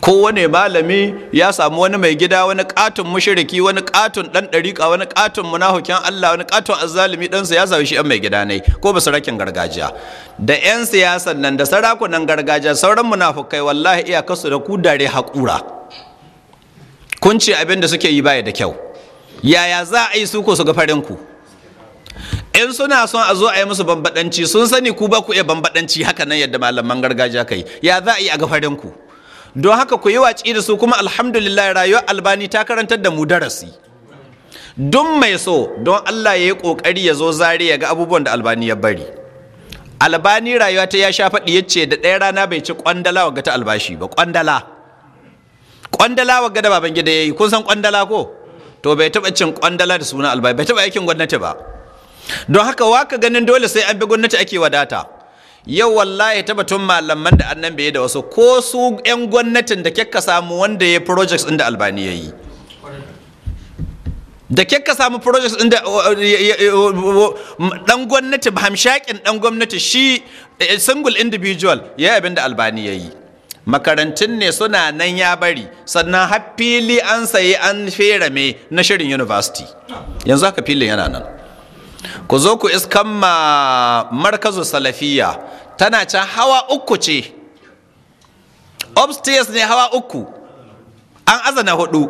S1: kowane malami ya samu wani mai gida wani katon mushriki wani katon dan ɗariƙa, wani katon munahukin Allah wani katon azzalimi dan siyasa shi an mai gida ne ko ba sarakin gargajiya da yan siyasan nan da sarakunan gargajiya sauran munafukai wallahi iya kasu da ku dare haƙura kun ce abin da suke yi baya da kyau yaya za a yi suko su ga farin ku in suna son a zo a yi musu bambadanci sun sani ku ba ku iya bambadanci haka nan yadda malaman gargajiya kai ya za a yi a ga farin ku don haka ku yi watsi da su kuma alhamdulillah rayuwar albani ta karantar da mu darasi duk mai so don Allah ya yi kokari ya zo zare ya ga abubuwan da albani ya bari albani rayuwa ta ya sha faɗi ya ce da ɗaya rana bai ci kwandala wa ta albashi ba kwandala kwandala wa gada baban gida yayi kun san kwandala ko to bai taba cin kwandala da suna albai bai taba aikin gwamnati ba don haka waka ganin dole sai an bi gwamnati ake wadata yau wallahi taba tun malaman da annan bai da wasu ko su yan gwamnatin da kika samu wanda ya projects da albani yayi da kika samu projects da dan gwamnati hamshakin dan gwamnati shi eh, single individual yayi abin da albani yayi makarantun ne suna nan ya bari sannan har an sayi an fera me na shirin university yanzu haka filin yana nan ku zo ku iskan ma markazu salafiya tana can hawa uku ce upstairs ne hawa uku an azana hudu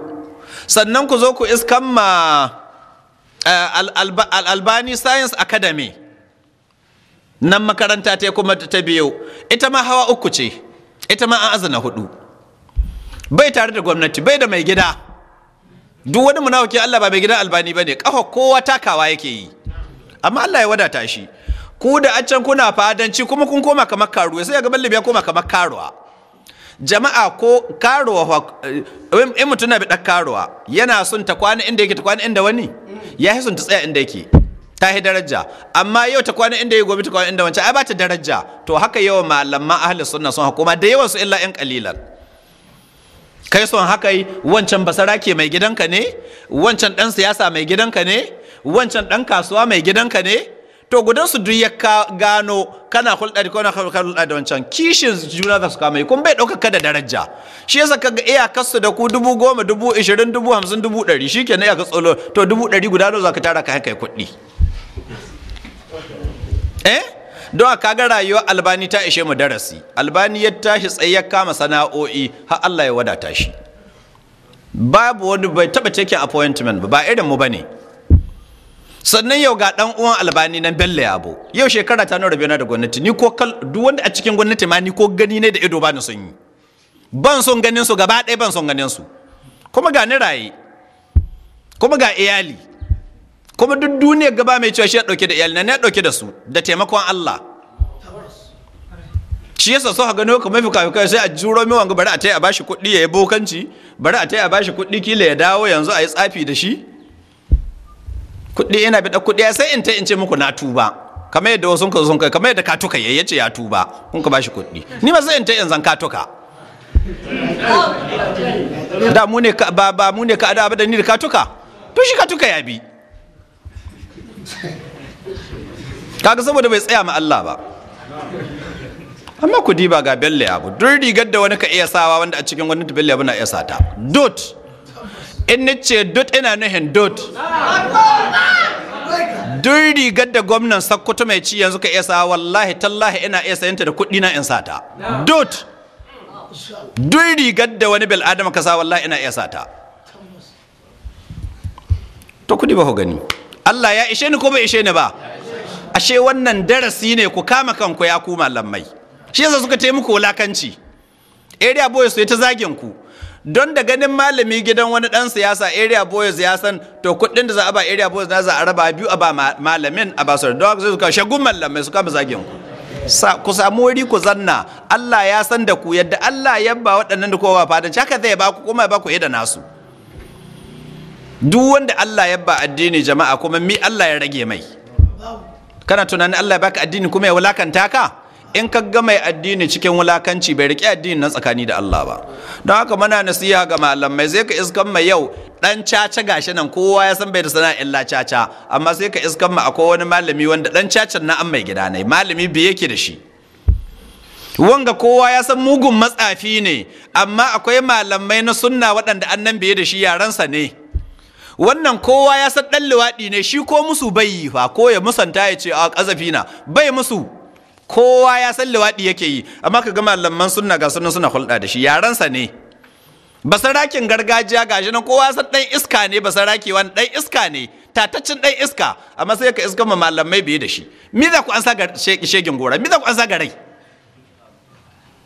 S1: sannan ku zo ku iskan ma eh, albani science academy nan makaranta ta kuma ta biyu ita ma hawa uku ce ita ma an azana hudu bai tare da gwamnati bai da mai gida duk wani munafiki Allah ba mai gidan albani bane kafa kowa takawa yake yi amma Allah ya wadata shi ku da can kuna fadanci kuma kun koma kamar karuwa sai ga ballibi ya koma kamar karuwa jama'a ko karuwa eh, in mutum na bi karuwa yana son ta kwana inda yake ta kwana inda wani ya sun ta tsaya inda yake ta yi daraja amma yau ta kwana inda yi gobe ta kwana inda wancan ai ba ta daraja to haka yawa malaman ahli sunna sun hukuma da yawan su illa in kalilan kai son haka yi wancan ke mai gidanka ne wancan dan siyasa mai gidanka ne wancan dan kasuwa mai gidanka ne to gudan su duk ya gano kana hulɗa da kana hulɗa da wancan kishin juna za su kama kun bai ɗaukar ka da daraja shi yasa kaga iyakar su da ku dubu goma dubu ishirin dubu hamsin dubu ɗari shi ke na iyakar tsolo to dubu ɗari guda nawa za ka tara ka kai kuɗi eh don a kaga rayuwar albani ta ishe mu darasi albani ya tashi tsaye kama sana'o'i har Allah ya wadata shi babu wani bai taba cikin appointment ba ba irin mu ba ne sannan yau ga dan uwan albani nan bello yabo yau shekara ta nawa rabena da gwamnati ni ko duk wanda a cikin gwamnati ma ni ko gani ne da ido ba ni son yi ban son ganin su gaba ɗaya ban son ganin su kuma ga ni raye kuma ga iyali kuma duk duniyar gaba mai cewa shi ya ɗauke da iyalina na ɗauke da su da taimakon Allah shi yasa so gano ka mafi kafin sai a juro mai wanga bari a ta'i a bashi kuɗi ya yi bokanci bari a ta'i a bashi kuɗi kila ya dawo yanzu a yi tsafi da shi kuɗi yana bi da kuɗi sai in ta in ce muku na tuba kamar yadda wasu ka sun kai kamar yadda katuka ya yace ya tuba kun ka bashi kuɗi ni ma sai in ta in zan katuka da mu ne ka ba mu ne ka da ni da katuka to shi katuka ya bi kaga saboda bai tsaya ma Allah ba amma ku diba ga belle abu duk rigar da wani ka iya sawa wanda a cikin wani belle abu na iya sata dot in ni ce dot ina nuhin dot duk rigar da gwamnan sakkwato mai ci yanzu ka iya sawa wallahi tallahi ina iya sayanta da kuɗi na in sata dot duk rigar da wani bil adama ka sa wallahi ina iya sata to kudi ba ku gani Allah ya ishe ni ko bai ishe ni ba ashe wannan darasi ne ku kama kanku ya ku malamai shi yasa suka taimu wulakanci area boys sai ta zagin ku don da ganin malami gidan wani dan siyasa area boys ya san to kuɗin da za a ba area boys na za a raba biyu a ba malamin a ba su da sai suka shagun malamai su kama zagin ku ku samu wuri ku zanna Allah ya san da ku yadda Allah ya ba waɗannan da kowa fadan haka zai ba ku kuma ba ku da nasu duk wanda Allah ya ba addini jama'a kuma mi Allah ya rage mai kana tunanin Allah ya baka addini kuma ya wulakanta ka in ka ga mai addini cikin wulakanci bai rike addini na tsakani da Allah ba don haka muna nasiha ga malamai sai ka iskan mai yau dan caca gashi nan kowa ya san bai da sana'a illa caca amma sai ka iskan ma akwai wani malami wanda dan cacan na an mai gida ne malami bai yake da shi wanga kowa ya san mugun matsafi ne amma akwai malamai na sunna waɗanda annan biye da shi yaransa ne wannan kowa ya san ɗan luwaɗi ne shi ko musu bai yi fa ko ya musanta ya ce a ƙazafi na bai musu kowa ya san luwaɗi yake yi amma ka gama lamman sunna ga sunan suna hulɗa da shi yaransa ne Ba sarakin gargajiya ga shi nan kowa san ɗan iska ne ba saraki, wani ɗan iska ne tataccen ɗan iska amma sai ka iska ma malamai biye da shi mi za ku an sa shegin gora mi za ku an sa rai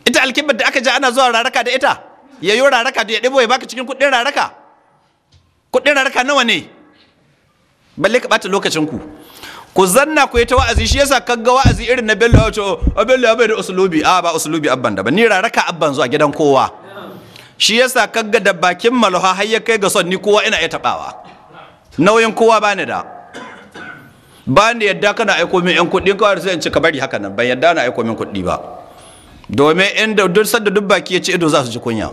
S1: ita alkibar da aka ji ana zuwa raraka da ita ya yi raraka da ya ɗibo ya baka cikin kuɗin raraka kuɗin rarka nawa ne balle ka bata lokacin ku Ku zanna ku yi ta wa'azi shi yasa kaga wa'azi irin na bello wato oh, a bello ya bai da usulubi a ba usulubi abban da ba ni raraka abban zuwa gidan kowa shi yasa kaga da bakin malha har ya kai ga son ni kowa ina iya tabawa nauyin kowa bani da ba ni yadda kana aiko min yan kuɗi kawai sai in ci ka bari haka nan ban yadda na aiko min kuɗi ba domin inda duk sanda duk baki ya ci ido za su ji kunya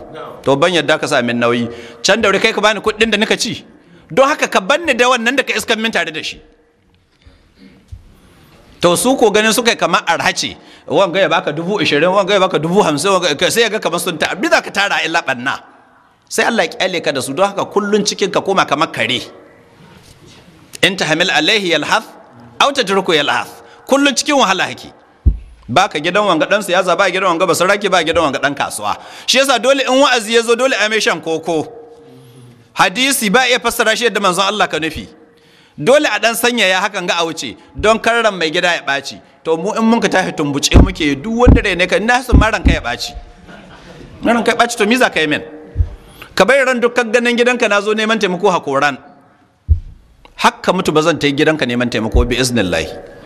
S1: to ban yadda ka sa min nauyi can da wuri kai ka bani kuɗin da nika ci don haka ka banni da wannan da ka iskan min tare da shi to su ko ganin suka kamar arhace wanga ya baka dubu ashirin, wanga ya baka dubu hamsin sai ya ga kamar sun ta abin za ka tara illa ɓanna sai Allah ya kyale ka da su don haka kullun cikin ka koma kamar kare in ta hamil alaihi yalhath au ta yalhath kullun cikin wahala haki baka gidan wanga ɗansu ya ba gidan wanga saraki ba gidan wanga ɗan kasuwa shi yasa dole in wa'azi ya zo dole a mai shan koko hadisi ba iya fassara shi yadda manzon Allah ka nufi dole a ɗan sanyaya hakan ga a wuce don karran mai gida ya ɓaci to mu in ka tafi tumbuce muke duk wanda rai ne ka ina su maran ka ya ɓaci maran ka ya ɓaci to mi za ka yi min ka bai ran dukkan ganin gidanka na zo neman taimako hakoran hakka mutu ba zan ta yi gidanka neman taimako bi iznillahi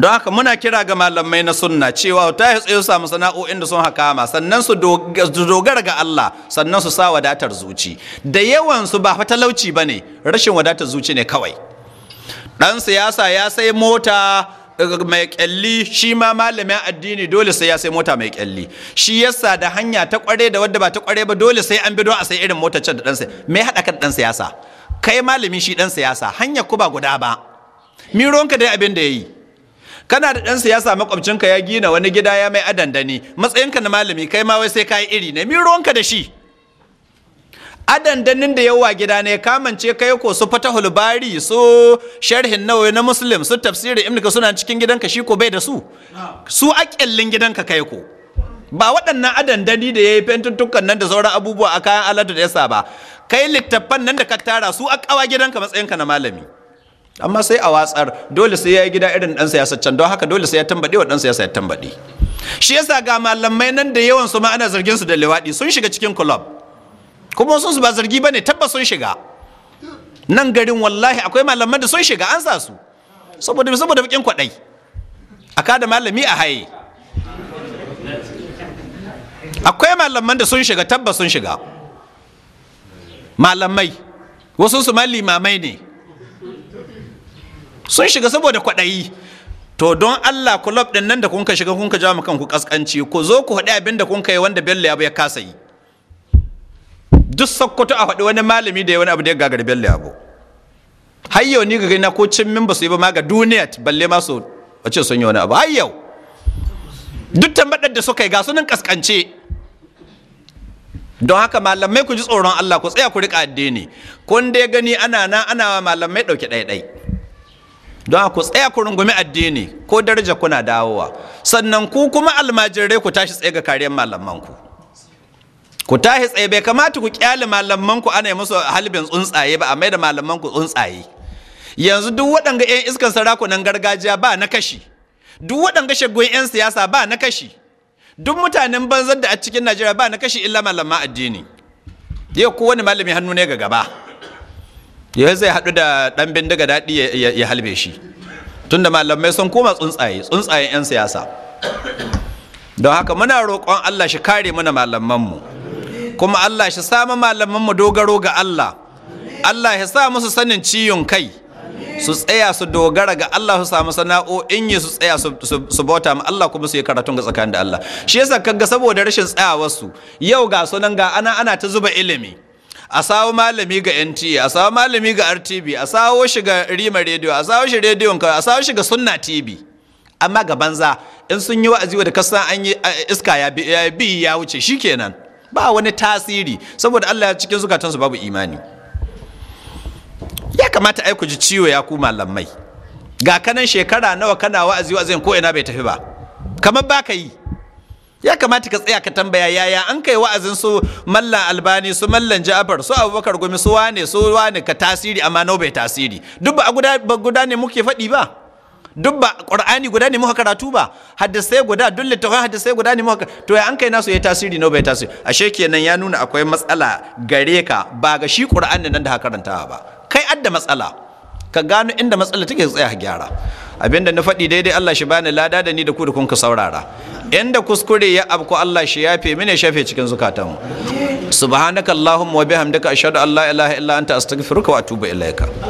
S1: don haka muna kira ga malamai na sunna cewa ta yi tsaye samu sana'o'in da sun hakama sannan su dogara ga Allah sannan su sa wadatar zuci da yawan su ba talauci ba ne rashin wadatar zuci ne kawai ɗan siyasa ya sai mota eh, mai kyalli shi ma malamin addini dole sai ya sai mota mai kyalli shi yasa da hanya ta kware da wadda ba ta kware ba dole sai an bi don a sai irin mota can da ɗan siyasa me haɗa kan ɗan siyasa kai malami shi ɗan siyasa hanya ku ba guda ba ka dai abin da ya yi kana da ɗan siyasa makwabcinka ya gina wani gida ya mai adandani matsayinka na malami kai ma wai sai ka yi iri ne ruwanka da shi adandanin da yawa gida ne kamance kai ko su fatahul bari su sharhin nawawi na muslim su tafsiri ibn ka suna cikin gidanka shi ko bai da su su akillin gidanka kai ko ba waɗannan adandani da yayi fentuntukan nan da sauran abubuwa a kayan aladu da yasa ba kai littattafan nan da ka tara su akawa gidanka matsayinka na malami amma sai a watsar dole sai ya yi gida irin ɗansa ya saccan. don haka dole sai ya tambaɗe wa ɗansa ya sa ya tambaɗe shi yasa ga malamai nan da yawan su ma ana zargin su da lewaɗi sun shiga cikin kulob kuma sun su ba zargi ba ne, tabbas sun shiga nan garin wallahi akwai malamai da sun shiga an sa su saboda saboda bikin kwaɗai a kada malami a haye akwai malamai da sun shiga tabbas sun shiga malamai wasu su ma limamai ne sun shiga saboda kwaɗayi to don Allah kulob ɗin nan da kun ka shiga kun ka mu kanku kaskanci ku zo ku haɗe abin da kun ka yi wanda Bello ya ya kasa yi duk sakkwato a haɗe wani malami da ya wani abu da ya gagari Bello ya bu har yau ni ga na ko cin min ba su yi ba ma ga duniya balle ma su wace sun yi wani abu har yau duk tambaɗar da suka yi ga sunan kaskance don haka malamai ku ji tsoron Allah ku tsaya ku riƙa addini kun dai gani ana nan ana malamai ɗauke ɗaiɗai. ɗai don ku tsaya ku rungumi addini ko daraja kuna dawowa sannan ku kuma almajirai ku tashi tsaye ga kariyar malamanku ku tashi tsaye bai kamata ku kyale malamanku ana yi musu halibin tsuntsaye ba a mai da malamanku tsuntsaye yanzu duk waɗanga 'yan iskan sarakunan gargajiya ba na kashi duk waɗanga shagoyin 'yan siyasa ba na kashi duk mutanen banzar da a cikin najeriya ba na kashi illa malaman addini yau ko wani malami hannu ne ga gaba ya zai haɗu da ɗan bindiga daɗi ya halbe shi tunda malamai sun koma tsuntsaye tsuntsayen 'yan siyasa don haka muna roƙon allah shi kare mana malamanmu kuma allah shi sama malamanmu dogaro ga allah allah ya sa musu sanin ciyon kai su tsaya su dogara ga Allah su samu sana'o'in yi su tsaya su bauta ma Allah kuma su yi karatun ga tsakanin da Allah shi yasa kaga saboda rashin tsayawarsu yau ga sunan ga ana ana ta zuba ilimi a sawo malami ga NTA a sawo malami ga RTV a sawo shi ga Rima Radio a sawo shi Radio ka a sawo shi ga Sunna TV amma ga banza in sun yi wa'azi wadda kasan an yi iska ya bi ya wuce shi kenan, ba wani tasiri saboda Allah cikin zukatansu babu imani ya kamata ai ku ji ciwo ya ku malamai ga kanan shekara nawa kana wa'azi wa'azin ko ina bai tafi ba kamar ba ka yi ya kamata ka tsaya ka tambaya yaya an kai wa'azin su mallan albani su mallan ja'far su abubakar gumi su wane su wane ka tasiri amma nau bai tasiri duk ba guda ba guda ne muke faɗi ba duk ba qur'ani guda ne muka karatu ba hadisai guda duk littafin hadisai guda ne muka to ya an kai nasu ya tasiri nau bai tasiri ashe kenan ya nuna akwai matsala gare ka ba ga shi qur'ani nan da ka karantawa ba kai adda matsala ka gano inda matsala take tsaya gyara abinda na faɗi daidai Allah shi bani lada da ni da ku da kun saurara inda kuskure ya abku Allah shi yafe mini shafe cikin zukatan subhanakallahumma wa bihamdika ashhadu an la ilaha illa anta astaghfiruka wa atubu ilaika